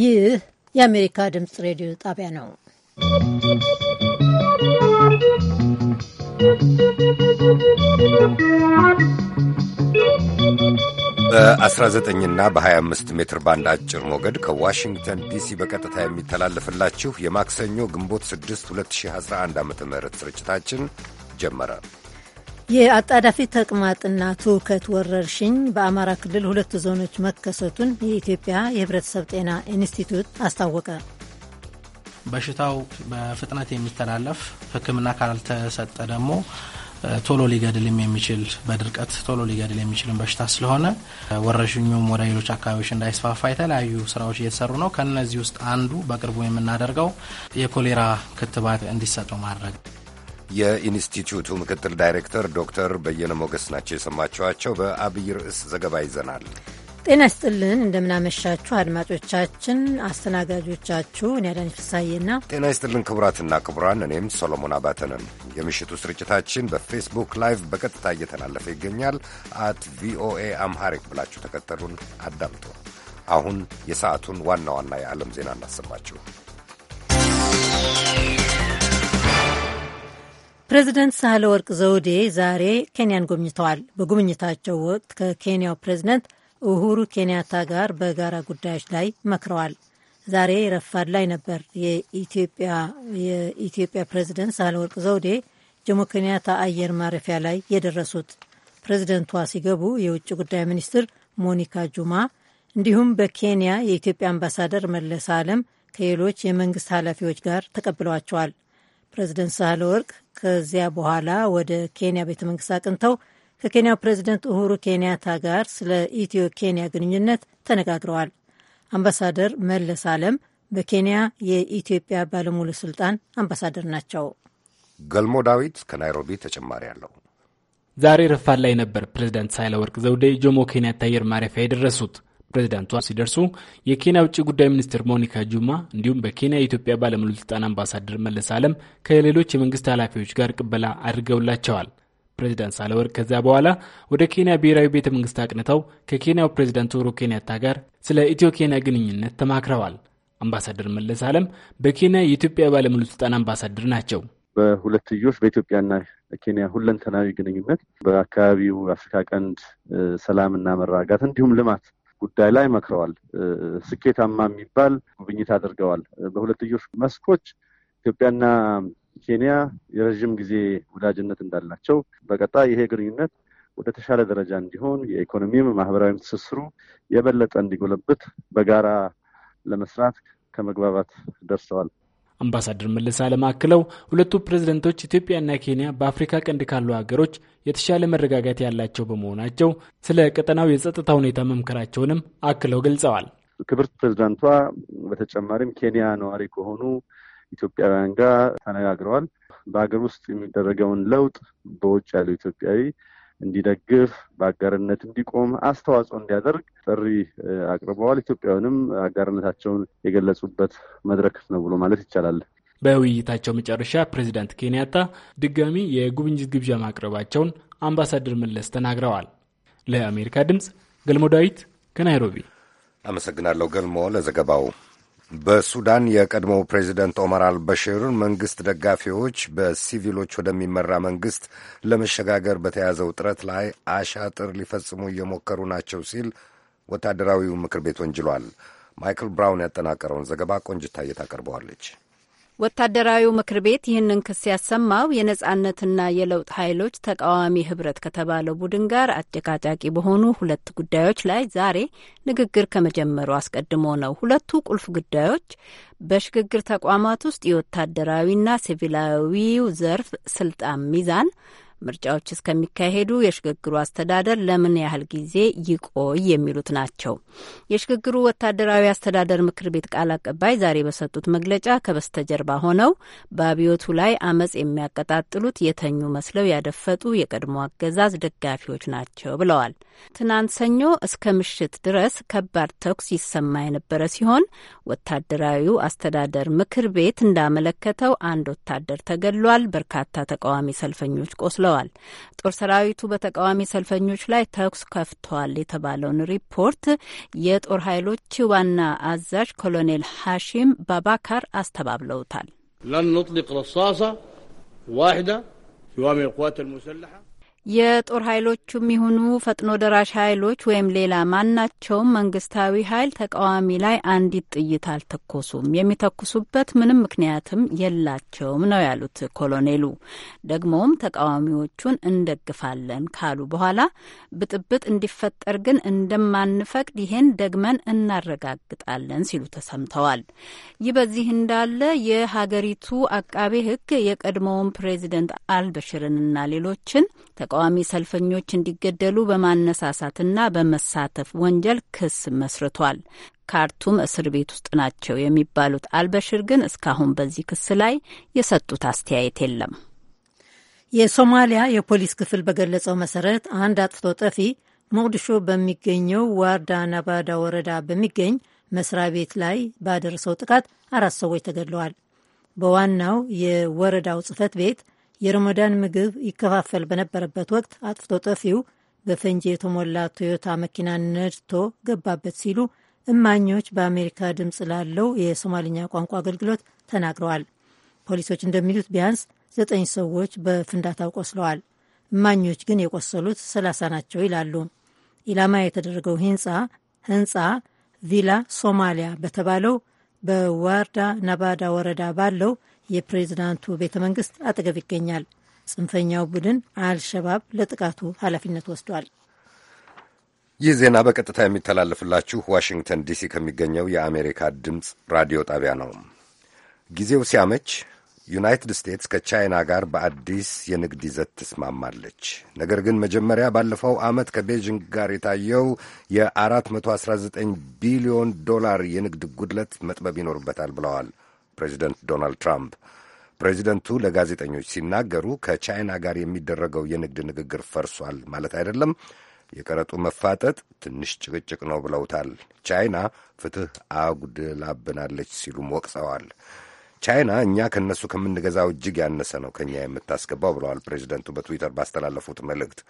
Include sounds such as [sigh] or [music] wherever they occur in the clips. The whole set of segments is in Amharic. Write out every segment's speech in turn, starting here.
ይህ የአሜሪካ ድምፅ ሬዲዮ ጣቢያ ነው። 19 እና በ25 ሜትር ባንድ አጭር ሞገድ ከዋሽንግተን ዲሲ በቀጥታ የሚተላለፍላችሁ የማክሰኞ ግንቦት 6 2011 ዓ ም ስርጭታችን ጀመረ። የአጣዳፊ ተቅማጥና ትውከት ወረርሽኝ በአማራ ክልል ሁለት ዞኖች መከሰቱን የኢትዮጵያ የሕብረተሰብ ጤና ኢንስቲትዩት አስታወቀ። በሽታው በፍጥነት የሚተላለፍ ሕክምና ካልተሰጠ ደግሞ ቶሎ ሊገድልም የሚችል በድርቀት ቶሎ ሊገድል የሚችልን በሽታ ስለሆነ ወረርሽኙም ወደ ሌሎች አካባቢዎች እንዳይስፋፋ የተለያዩ ስራዎች እየተሰሩ ነው። ከነዚህ ውስጥ አንዱ በቅርቡ የምናደርገው የኮሌራ ክትባት እንዲሰጠው ማድረግ የኢንስቲትዩቱ ምክትል ዳይሬክተር ዶክተር በየነ ሞገስ ናቸው የሰማችኋቸው። በአብይ ርዕስ ዘገባ ይዘናል። ጤና ይስጥልን፣ እንደምናመሻችሁ አድማጮቻችን። አስተናጋጆቻችሁ እኔ አዳነች ጤና ይስጥልን ክቡራትና ክቡራን፣ እኔም ሶሎሞን አባተ የምሽቱ ስርጭታችን በፌስቡክ ላይቭ በቀጥታ እየተላለፈ ይገኛል። አት ቪኦኤ አምሃሪክ ብላችሁ ተከተሉን አዳምጡ። አሁን የሰዓቱን ዋና ዋና የዓለም ዜና እናሰማችሁ። ፕሬዚደንት ሳህለ ወርቅ ዘውዴ ዛሬ ኬንያን ጎብኝተዋል። በጉብኝታቸው ወቅት ከኬንያው ፕሬዚደንት ኡሁሩ ኬንያታ ጋር በጋራ ጉዳዮች ላይ መክረዋል። ዛሬ ረፋድ ላይ ነበር የኢትዮጵያ ፕሬዚደንት ሳህለ ወርቅ ዘውዴ ጆሞ ኬንያታ አየር ማረፊያ ላይ የደረሱት። ፕሬዚደንቷ ሲገቡ የውጭ ጉዳይ ሚኒስትር ሞኒካ ጁማ እንዲሁም በኬንያ የኢትዮጵያ አምባሳደር መለስ አለም ከሌሎች የመንግስት ኃላፊዎች ጋር ተቀብለዋቸዋል። ፕሬዚደንት ሳህለ ወርቅ ከዚያ በኋላ ወደ ኬንያ ቤተ መንግስት አቅንተው ከኬንያው ፕሬዚደንት ኡሁሩ ኬንያታ ጋር ስለ ኢትዮ ኬንያ ግንኙነት ተነጋግረዋል። አምባሳደር መለስ አለም በኬንያ የኢትዮጵያ ባለሙሉ ስልጣን አምባሳደር ናቸው። ገልሞ ዳዊት ከናይሮቢ ተጨማሪ አለው። ዛሬ ረፋድ ላይ ነበር ፕሬዚዳንት ሳህለወርቅ ዘውዴ ጆሞ ኬንያታ አየር ማረፊያ የደረሱት። ፕሬዚዳንቷ ሲደርሱ የኬንያ ውጭ ጉዳይ ሚኒስትር ሞኒካ ጁማ እንዲሁም በኬንያ የኢትዮጵያ ባለሙሉ ስልጣን አምባሳደር መለስ አለም ከሌሎች የመንግስት ኃላፊዎች ጋር ቅበላ አድርገውላቸዋል። ፕሬዚዳንት ሳለወርቅ ከዚያ በኋላ ወደ ኬንያ ብሔራዊ ቤተ መንግስት አቅንተው ከኬንያው ፕሬዚዳንት ኡሁሩ ኬንያታ ጋር ስለ ኢትዮ ኬንያ ግንኙነት ተማክረዋል። አምባሳደር መለስ አለም በኬንያ የኢትዮጵያ ባለሙሉ ስልጣን አምባሳደር ናቸው። በሁለትዮሽ በኢትዮጵያና ኬንያ ሁለንተናዊ ግንኙነት በአካባቢው አፍሪካ ቀንድ ሰላምና መረጋጋት እንዲሁም ልማት ጉዳይ ላይ መክረዋል። ስኬታማ የሚባል ጉብኝት አድርገዋል። በሁለትዮሽ መስኮች ኢትዮጵያና ኬንያ የረዥም ጊዜ ወዳጅነት እንዳላቸው በቀጣይ ይሄ ግንኙነት ወደ ተሻለ ደረጃ እንዲሆን የኢኮኖሚም ማህበራዊም ትስስሩ የበለጠ እንዲጎለብት በጋራ ለመስራት ከመግባባት ደርሰዋል። አምባሳደር መለስ አለማክለው አክለው ሁለቱ ፕሬዝደንቶች ኢትዮጵያና ኬንያ በአፍሪካ ቀንድ ካሉ ሀገሮች የተሻለ መረጋጋት ያላቸው በመሆናቸው ስለ ቀጠናው የጸጥታ ሁኔታ መምከራቸውንም አክለው ገልጸዋል። ክብርት ፕሬዝዳንቷ በተጨማሪም ኬንያ ነዋሪ ከሆኑ ኢትዮጵያውያን ጋር ተነጋግረዋል። በሀገር ውስጥ የሚደረገውን ለውጥ በውጭ ያለው ኢትዮጵያዊ እንዲደግፍ በአጋርነት እንዲቆም አስተዋጽኦ እንዲያደርግ ጥሪ አቅርበዋል። ኢትዮጵያውያንም አጋርነታቸውን የገለጹበት መድረክ ነው ብሎ ማለት ይቻላል። በውይይታቸው መጨረሻ ፕሬዚዳንት ኬንያታ ድጋሚ የጉብኝት ግብዣ ማቅረባቸውን አምባሳደር መለስ ተናግረዋል። ለአሜሪካ ድምፅ ገልሞ ዳዊት ከናይሮቢ አመሰግናለሁ። ገልሞ ለዘገባው በሱዳን የቀድሞው ፕሬዚደንት ኦመር አልበሽርን መንግሥት ደጋፊዎች በሲቪሎች ወደሚመራ መንግሥት ለመሸጋገር በተያዘው ጥረት ላይ አሻጥር ሊፈጽሙ እየሞከሩ ናቸው ሲል ወታደራዊው ምክር ቤት ወንጅሏል። ማይክል ብራውን ያጠናቀረውን ዘገባ ቆንጅታ ታቀርበዋለች። ወታደራዊው ምክር ቤት ይህንን ክስ ያሰማው የነጻነትና የለውጥ ኃይሎች ተቃዋሚ ህብረት ከተባለው ቡድን ጋር አጨቃጫቂ በሆኑ ሁለት ጉዳዮች ላይ ዛሬ ንግግር ከመጀመሩ አስቀድሞ ነው። ሁለቱ ቁልፍ ጉዳዮች በሽግግር ተቋማት ውስጥ የወታደራዊና ሲቪላዊው ዘርፍ ስልጣን ሚዛን ምርጫዎች እስከሚካሄዱ የሽግግሩ አስተዳደር ለምን ያህል ጊዜ ይቆይ የሚሉት ናቸው። የሽግግሩ ወታደራዊ አስተዳደር ምክር ቤት ቃል አቀባይ ዛሬ በሰጡት መግለጫ ከበስተጀርባ ሆነው በአብዮቱ ላይ አመጽ የሚያቀጣጥሉት የተኙ መስለው ያደፈጡ የቀድሞ አገዛዝ ደጋፊዎች ናቸው ብለዋል። ትናንት ሰኞ እስከ ምሽት ድረስ ከባድ ተኩስ ይሰማ የነበረ ሲሆን ወታደራዊው አስተዳደር ምክር ቤት እንዳመለከተው አንድ ወታደር ተገሏል በርካታ ተቃዋሚ ሰልፈኞች ቆስሏል ብለዋል። ጦር ሰራዊቱ በተቃዋሚ ሰልፈኞች ላይ ተኩስ ከፍተዋል የተባለውን ሪፖርት የጦር ኃይሎች ዋና አዛዥ ኮሎኔል ሐሺም ባባካር አስተባብለውታል። ለን ንጥሊቅ ረሳሳ ዋሕዳ ዋሚ ልቁዋት የጦር ኃይሎቹም ይሁኑ ፈጥኖ ደራሽ ኃይሎች ወይም ሌላ ማናቸውም መንግስታዊ ኃይል ተቃዋሚ ላይ አንዲት ጥይት አልተኮሱም። የሚተኩሱበት ምንም ምክንያትም የላቸውም ነው ያሉት ኮሎኔሉ። ደግሞም ተቃዋሚዎቹን እንደግፋለን ካሉ በኋላ ብጥብጥ እንዲፈጠር ግን እንደማንፈቅድ ይሄን ደግመን እናረጋግጣለን ሲሉ ተሰምተዋል። ይህ በዚህ እንዳለ የሀገሪቱ አቃቤ ሕግ የቀድሞውን ፕሬዚደንት አልበሽርንና ሌሎችን ተቃዋሚ ሰልፈኞች እንዲገደሉ በማነሳሳትና በመሳተፍ ወንጀል ክስ መስርቷል። ካርቱም እስር ቤት ውስጥ ናቸው የሚባሉት አልበሽር ግን እስካሁን በዚህ ክስ ላይ የሰጡት አስተያየት የለም። የሶማሊያ የፖሊስ ክፍል በገለጸው መሰረት አንድ አጥፍቶ ጠፊ ሞቅዲሾ በሚገኘው ዋርዳ ነባዳ ወረዳ በሚገኝ መስሪያ ቤት ላይ ባደረሰው ጥቃት አራት ሰዎች ተገድለዋል። በዋናው የወረዳው ጽህፈት ቤት የረመዳን ምግብ ይከፋፈል በነበረበት ወቅት አጥፍቶ ጠፊው በፈንጂ የተሞላ ቶዮታ መኪና ነድቶ ገባበት ሲሉ እማኞች በአሜሪካ ድምፅ ላለው የሶማልኛ ቋንቋ አገልግሎት ተናግረዋል። ፖሊሶች እንደሚሉት ቢያንስ ዘጠኝ ሰዎች በፍንዳታው ቆስለዋል። እማኞች ግን የቆሰሉት ሰላሳ ናቸው ይላሉ። ኢላማ የተደረገው ህንፃ ህንፃ ቪላ ሶማሊያ በተባለው በዋርዳ ነባዳ ወረዳ ባለው የፕሬዝዳንቱ ቤተ መንግስት አጠገብ ይገኛል። ጽንፈኛው ቡድን አልሸባብ ለጥቃቱ ኃላፊነት ወስዷል። ይህ ዜና በቀጥታ የሚተላለፍላችሁ ዋሽንግተን ዲሲ ከሚገኘው የአሜሪካ ድምፅ ራዲዮ ጣቢያ ነው። ጊዜው ሲያመች ዩናይትድ ስቴትስ ከቻይና ጋር በአዲስ የንግድ ይዘት ትስማማለች። ነገር ግን መጀመሪያ ባለፈው ዓመት ከቤጂንግ ጋር የታየው የ419 ቢሊዮን ዶላር የንግድ ጉድለት መጥበብ ይኖርበታል ብለዋል ፕሬዚደንት ዶናልድ ትራምፕ። ፕሬዚደንቱ ለጋዜጠኞች ሲናገሩ ከቻይና ጋር የሚደረገው የንግድ ንግግር ፈርሷል ማለት አይደለም፣ የቀረጡ መፋጠጥ ትንሽ ጭቅጭቅ ነው ብለውታል። ቻይና ፍትሕ አጉድላብናለች ሲሉም ወቅሰዋል። ቻይና እኛ ከእነሱ ከምንገዛው እጅግ ያነሰ ነው ከእኛ የምታስገባው ብለዋል ፕሬዚደንቱ በትዊተር ባስተላለፉት መልእክት።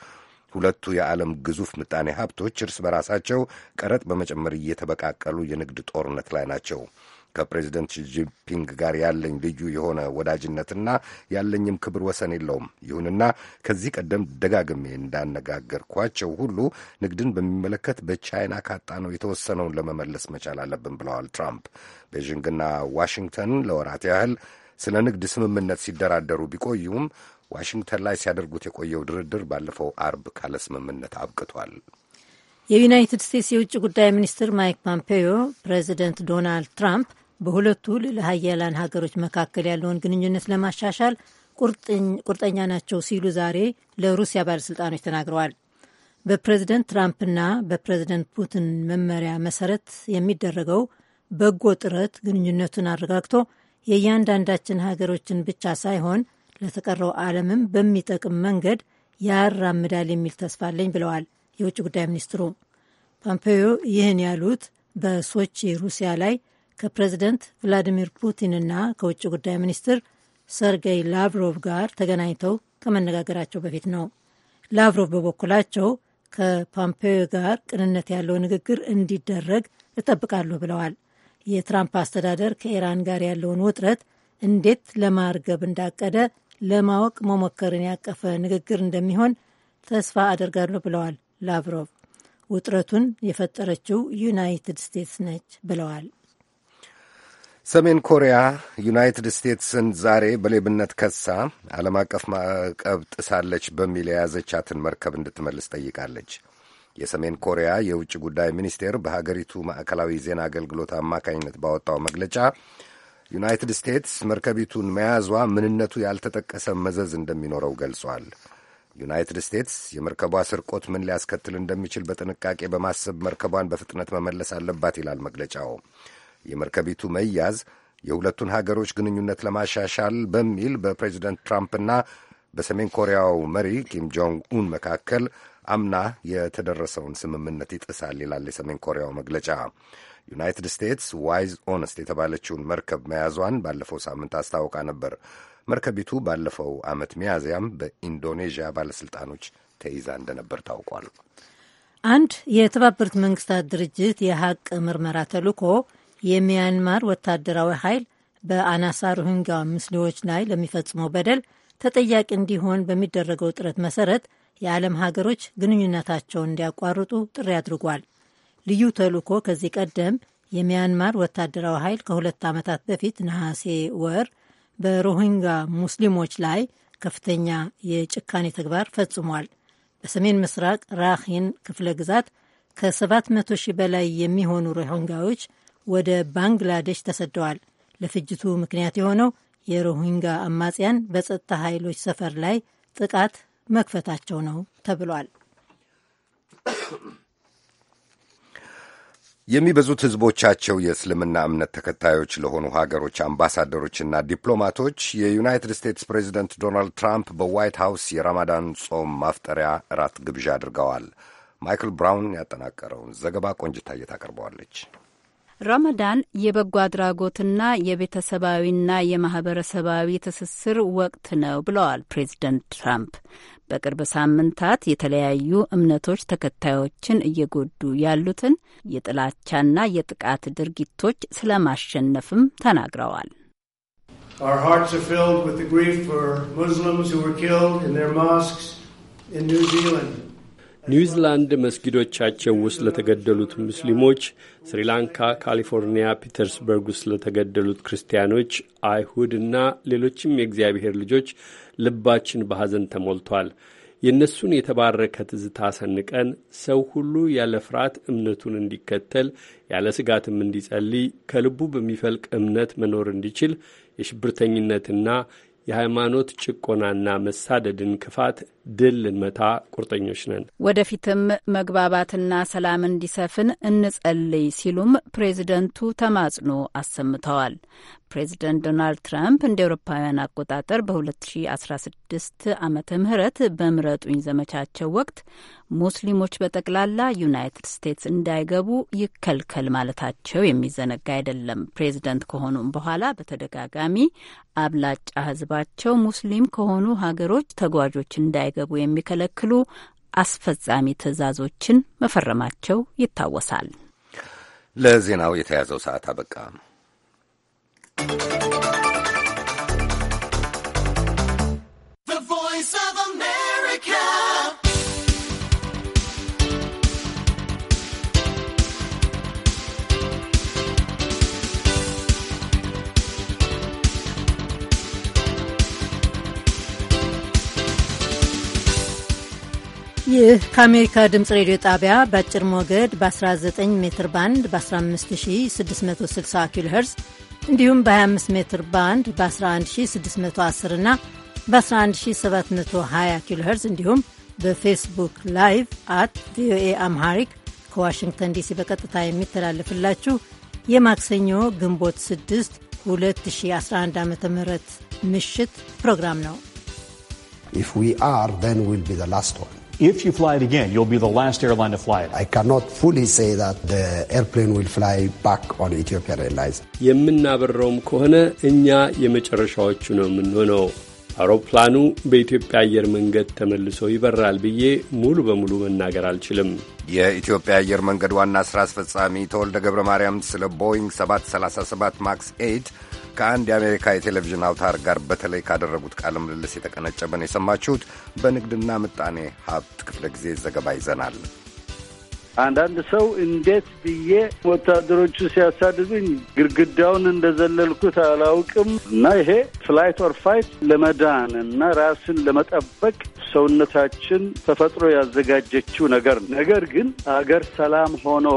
ሁለቱ የዓለም ግዙፍ ምጣኔ ሀብቶች እርስ በራሳቸው ቀረጥ በመጨመር እየተበቃቀሉ የንግድ ጦርነት ላይ ናቸው። ከፕሬዚደንት ሺጂንፒንግ ጋር ያለኝ ልዩ የሆነ ወዳጅነትና ያለኝም ክብር ወሰን የለውም። ይሁንና ከዚህ ቀደም ደጋግሜ እንዳነጋገርኳቸው ሁሉ ንግድን በሚመለከት በቻይና ካጣነው የተወሰነውን ለመመለስ መቻል አለብን ብለዋል ትራምፕ። ቤዥንግና ዋሽንግተን ለወራት ያህል ስለ ንግድ ስምምነት ሲደራደሩ ቢቆዩም ዋሽንግተን ላይ ሲያደርጉት የቆየው ድርድር ባለፈው አርብ ካለ ስምምነት አብቅቷል። የዩናይትድ ስቴትስ የውጭ ጉዳይ ሚኒስትር ማይክ ፖምፔዮ ፕሬዚደንት ዶናልድ ትራምፕ በሁለቱ ልዕለ ሀያላን ሀገሮች መካከል ያለውን ግንኙነት ለማሻሻል ቁርጠኛ ናቸው ሲሉ ዛሬ ለሩሲያ ባለሥልጣኖች ተናግረዋል። በፕሬዝደንት ትራምፕና በፕሬዝደንት ፑቲን መመሪያ መሰረት የሚደረገው በጎ ጥረት ግንኙነቱን አረጋግቶ የእያንዳንዳችን ሀገሮችን ብቻ ሳይሆን ለተቀረው ዓለምም በሚጠቅም መንገድ ያራምዳል የሚል ተስፋ አለኝ ብለዋል የውጭ ጉዳይ ሚኒስትሩ ፖምፔዮ። ይህን ያሉት በሶቺ ሩሲያ ላይ ከፕሬዚደንት ቭላዲሚር ፑቲንና ከውጭ ጉዳይ ሚኒስትር ሰርገይ ላቭሮቭ ጋር ተገናኝተው ከመነጋገራቸው በፊት ነው። ላቭሮቭ በበኩላቸው ከፖምፔዮ ጋር ቅንነት ያለው ንግግር እንዲደረግ እጠብቃለሁ ብለዋል። የትራምፕ አስተዳደር ከኢራን ጋር ያለውን ውጥረት እንዴት ለማርገብ እንዳቀደ ለማወቅ መሞከርን ያቀፈ ንግግር እንደሚሆን ተስፋ አደርጋለሁ ብለዋል ላቭሮቭ። ውጥረቱን የፈጠረችው ዩናይትድ ስቴትስ ነች ብለዋል። ሰሜን ኮሪያ ዩናይትድ ስቴትስን ዛሬ በሌብነት ከሳ ዓለም አቀፍ ማዕቀብ ጥሳለች በሚል የያዘቻትን መርከብ እንድትመልስ ጠይቃለች። የሰሜን ኮሪያ የውጭ ጉዳይ ሚኒስቴር በሀገሪቱ ማዕከላዊ ዜና አገልግሎት አማካኝነት ባወጣው መግለጫ ዩናይትድ ስቴትስ መርከቢቱን መያዟ ምንነቱ ያልተጠቀሰ መዘዝ እንደሚኖረው ገልጿል። ዩናይትድ ስቴትስ የመርከቧ ስርቆት ምን ሊያስከትል እንደሚችል በጥንቃቄ በማሰብ መርከቧን በፍጥነት መመለስ አለባት ይላል መግለጫው። የመርከቢቱ መያዝ የሁለቱን ሀገሮች ግንኙነት ለማሻሻል በሚል በፕሬዚደንት ትራምፕና በሰሜን ኮሪያው መሪ ኪም ጆንግ ኡን መካከል አምና የተደረሰውን ስምምነት ይጥሳል ይላል የሰሜን ኮሪያው መግለጫ። ዩናይትድ ስቴትስ ዋይዝ ኦነስት የተባለችውን መርከብ መያዟን ባለፈው ሳምንት አስታውቃ ነበር። መርከቢቱ ባለፈው ዓመት ሚያዝያም በኢንዶኔዥያ ባለሥልጣኖች ተይዛ እንደነበር ታውቋል። አንድ የተባበሩት መንግስታት ድርጅት የሀቅ ምርመራ ተልኮ። የሚያንማር ወታደራዊ ኃይል በአናሳ ሮሂንጋ ሙስሊሞች ላይ ለሚፈጽመው በደል ተጠያቂ እንዲሆን በሚደረገው ጥረት መሰረት የዓለም ሀገሮች ግንኙነታቸውን እንዲያቋርጡ ጥሪ አድርጓል። ልዩ ተልእኮ ከዚህ ቀደም የሚያንማር ወታደራዊ ኃይል ከሁለት ዓመታት በፊት ነሐሴ ወር በሮሂንጋ ሙስሊሞች ላይ ከፍተኛ የጭካኔ ተግባር ፈጽሟል። በሰሜን ምስራቅ ራኺን ክፍለ ግዛት ከ700 ሺህ በላይ የሚሆኑ ሮሂንጋዎች ወደ ባንግላዴሽ ተሰደዋል። ለፍጅቱ ምክንያት የሆነው የሮሂንጋ አማጽያን በጸጥታ ኃይሎች ሰፈር ላይ ጥቃት መክፈታቸው ነው ተብሏል። የሚበዙት ሕዝቦቻቸው የእስልምና እምነት ተከታዮች ለሆኑ ሀገሮች አምባሳደሮችና ዲፕሎማቶች የዩናይትድ ስቴትስ ፕሬዚደንት ዶናልድ ትራምፕ በዋይት ሃውስ የራማዳን ጾም ማፍጠሪያ እራት ግብዣ አድርገዋል። ማይክል ብራውን ያጠናቀረውን ዘገባ ቆንጅታ እየታቀርበዋለች። ረመዳን የበጎ አድራጎትና የቤተሰባዊና የማህበረሰባዊ ትስስር ወቅት ነው ብለዋል ፕሬዚደንት ትራምፕ። በቅርብ ሳምንታት የተለያዩ እምነቶች ተከታዮችን እየጎዱ ያሉትን የጥላቻና የጥቃት ድርጊቶች ስለማሸነፍም ተናግረዋል። ሙስሊምስ ኒውዚላንድ መስጊዶቻቸው ውስጥ ለተገደሉት ሙስሊሞች፣ ስሪላንካ፣ ካሊፎርኒያ፣ ፒተርስበርግ ውስጥ ለተገደሉት ክርስቲያኖች፣ አይሁድ እና ሌሎችም የእግዚአብሔር ልጆች ልባችን በሐዘን ተሞልቷል። የእነሱን የተባረከ ትዝታ ሰንቀን ሰው ሁሉ ያለ ፍርሃት እምነቱን እንዲከተል ያለ ስጋትም እንዲጸልይ ከልቡ በሚፈልቅ እምነት መኖር እንዲችል የሽብርተኝነትና የሃይማኖት ጭቆናና መሳደድን ክፋት ድል ልንመታ ቁርጠኞች ነን። ወደፊትም መግባባትና ሰላም እንዲሰፍን እንጸልይ ሲሉም ፕሬዚደንቱ ተማጽኖ አሰምተዋል። ፕሬዚደንት ዶናልድ ትራምፕ እንደ ኤውሮፓውያን አቆጣጠር በ2016 ዓመተ ምህረት በምረጡኝ ዘመቻቸው ወቅት ሙስሊሞች በጠቅላላ ዩናይትድ ስቴትስ እንዳይገቡ ይከልከል ማለታቸው የሚዘነጋ አይደለም። ፕሬዚደንት ከሆኑም በኋላ በተደጋጋሚ አብላጫ ሕዝባቸው ሙስሊም ከሆኑ ሀገሮች ተጓዦች እንዳይገቡ የሚከለክሉ አስፈጻሚ ትዕዛዞችን መፈረማቸው ይታወሳል። ለዜናው የተያዘው ሰዓት አበቃ። ይህ ከአሜሪካ ድምፅ ሬዲዮ ጣቢያ በአጭር ሞገድ በ19 ሜትር ባንድ በ15660 ኪሎ ሄርዝ እንዲሁም በ25 ሜትር ባንድ በ11610 እና በ11720 ኪሎ ሄርዝ እንዲሁም በፌስቡክ ላይቭ አት ቪኦኤ አምሃሪክ ከዋሽንግተን ዲሲ በቀጥታ የሚተላለፍላችሁ የማክሰኞ ግንቦት 6 2011 ዓ ም ምሽት ፕሮግራም ነው። ኢፍ ዊ አር ዘን ዊል ቢ ዘ ላስት ዋን If you fly it again, you'll be the last airline to fly it. I cannot fully say that the airplane will fly back on Ethiopian Airlines. የምናበረውም ከሆነ እኛ የመጨረሻዎቹ ነው የምንሆነው። አውሮፕላኑ በኢትዮጵያ አየር መንገድ ተመልሶ ይበራል ብዬ ሙሉ በሙሉ መናገር አልችልም። የኢትዮጵያ አየር መንገድ ዋና ሥራ አስፈጻሚ ተወልደ ገብረ ማርያም ስለ ቦይንግ 737 ማክስ 8 ከአንድ የአሜሪካ የቴሌቪዥን አውታር ጋር በተለይ ካደረጉት ቃለ ምልልስ የተቀነጨበን የሰማችሁት። በንግድና ምጣኔ ሀብት ክፍለ ጊዜ ዘገባ ይዘናል። አንዳንድ ሰው እንዴት ብዬ ወታደሮቹ ሲያሳድዱኝ ግድግዳውን እንደዘለልኩት አላውቅም እና ይሄ ፍላይት ኦር ፋይት ለመዳን እና ራስን ለመጠበቅ ሰውነታችን ተፈጥሮ ያዘጋጀችው ነገር ነገር ግን አገር ሰላም ሆኖ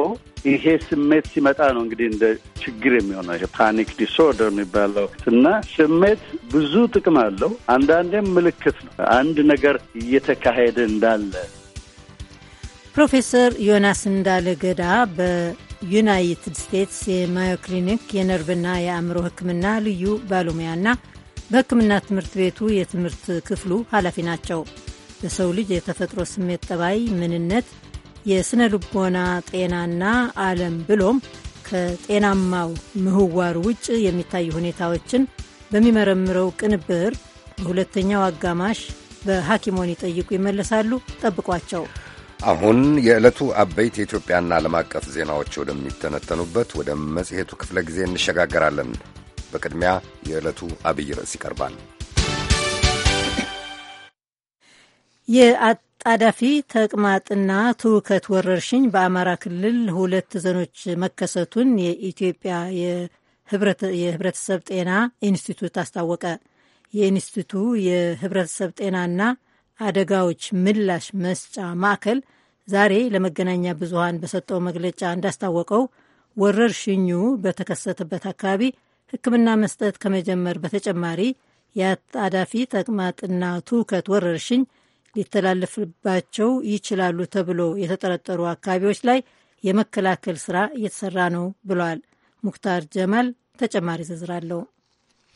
ይሄ ስሜት ሲመጣ ነው እንግዲህ እንደ ችግር የሚሆነው ይሄ ፓኒክ ዲስኦርደር የሚባለው እና ስሜት ብዙ ጥቅም አለው። አንዳንዴም ምልክት ነው አንድ ነገር እየተካሄደ እንዳለ። ፕሮፌሰር ዮናስ እንዳለ ገዳ በዩናይትድ ስቴትስ የማዮ ክሊኒክ የነርቭና የአእምሮ ሕክምና ልዩ ባለሙያና በሕክምና ትምህርት ቤቱ የትምህርት ክፍሉ ኃላፊ ናቸው። በሰው ልጅ የተፈጥሮ ስሜት ጠባይ ምንነት፣ የስነ ልቦና ጤናና ዓለም ብሎም ከጤናማው ምህዋር ውጭ የሚታዩ ሁኔታዎችን በሚመረምረው ቅንብር በሁለተኛው አጋማሽ በሐኪሞን ይጠይቁ ይመለሳሉ። ጠብቋቸው። አሁን የዕለቱ አበይት የኢትዮጵያና ዓለም አቀፍ ዜናዎች ወደሚተነተኑበት ወደ መጽሔቱ ክፍለ ጊዜ እንሸጋገራለን። በቅድሚያ የዕለቱ አብይ ርዕስ ይቀርባል። የአጣዳፊ ተቅማጥና ትውከት ወረርሽኝ በአማራ ክልል ሁለት ዘኖች መከሰቱን የኢትዮጵያ የህብረተሰብ ጤና ኢንስቲቱት አስታወቀ። የኢንስቲቱ የህብረተሰብ ጤናና አደጋዎች ምላሽ መስጫ ማዕከል ዛሬ ለመገናኛ ብዙሃን በሰጠው መግለጫ እንዳስታወቀው ወረርሽኙ በተከሰተበት አካባቢ ሕክምና መስጠት ከመጀመር በተጨማሪ የአጣዳፊ ተቅማጥና ትውከት ወረርሽኝ ሊተላለፍባቸው ይችላሉ ተብሎ የተጠረጠሩ አካባቢዎች ላይ የመከላከል ስራ እየተሰራ ነው ብለዋል። ሙክታር ጀማል ተጨማሪ ዝርዝር አለው።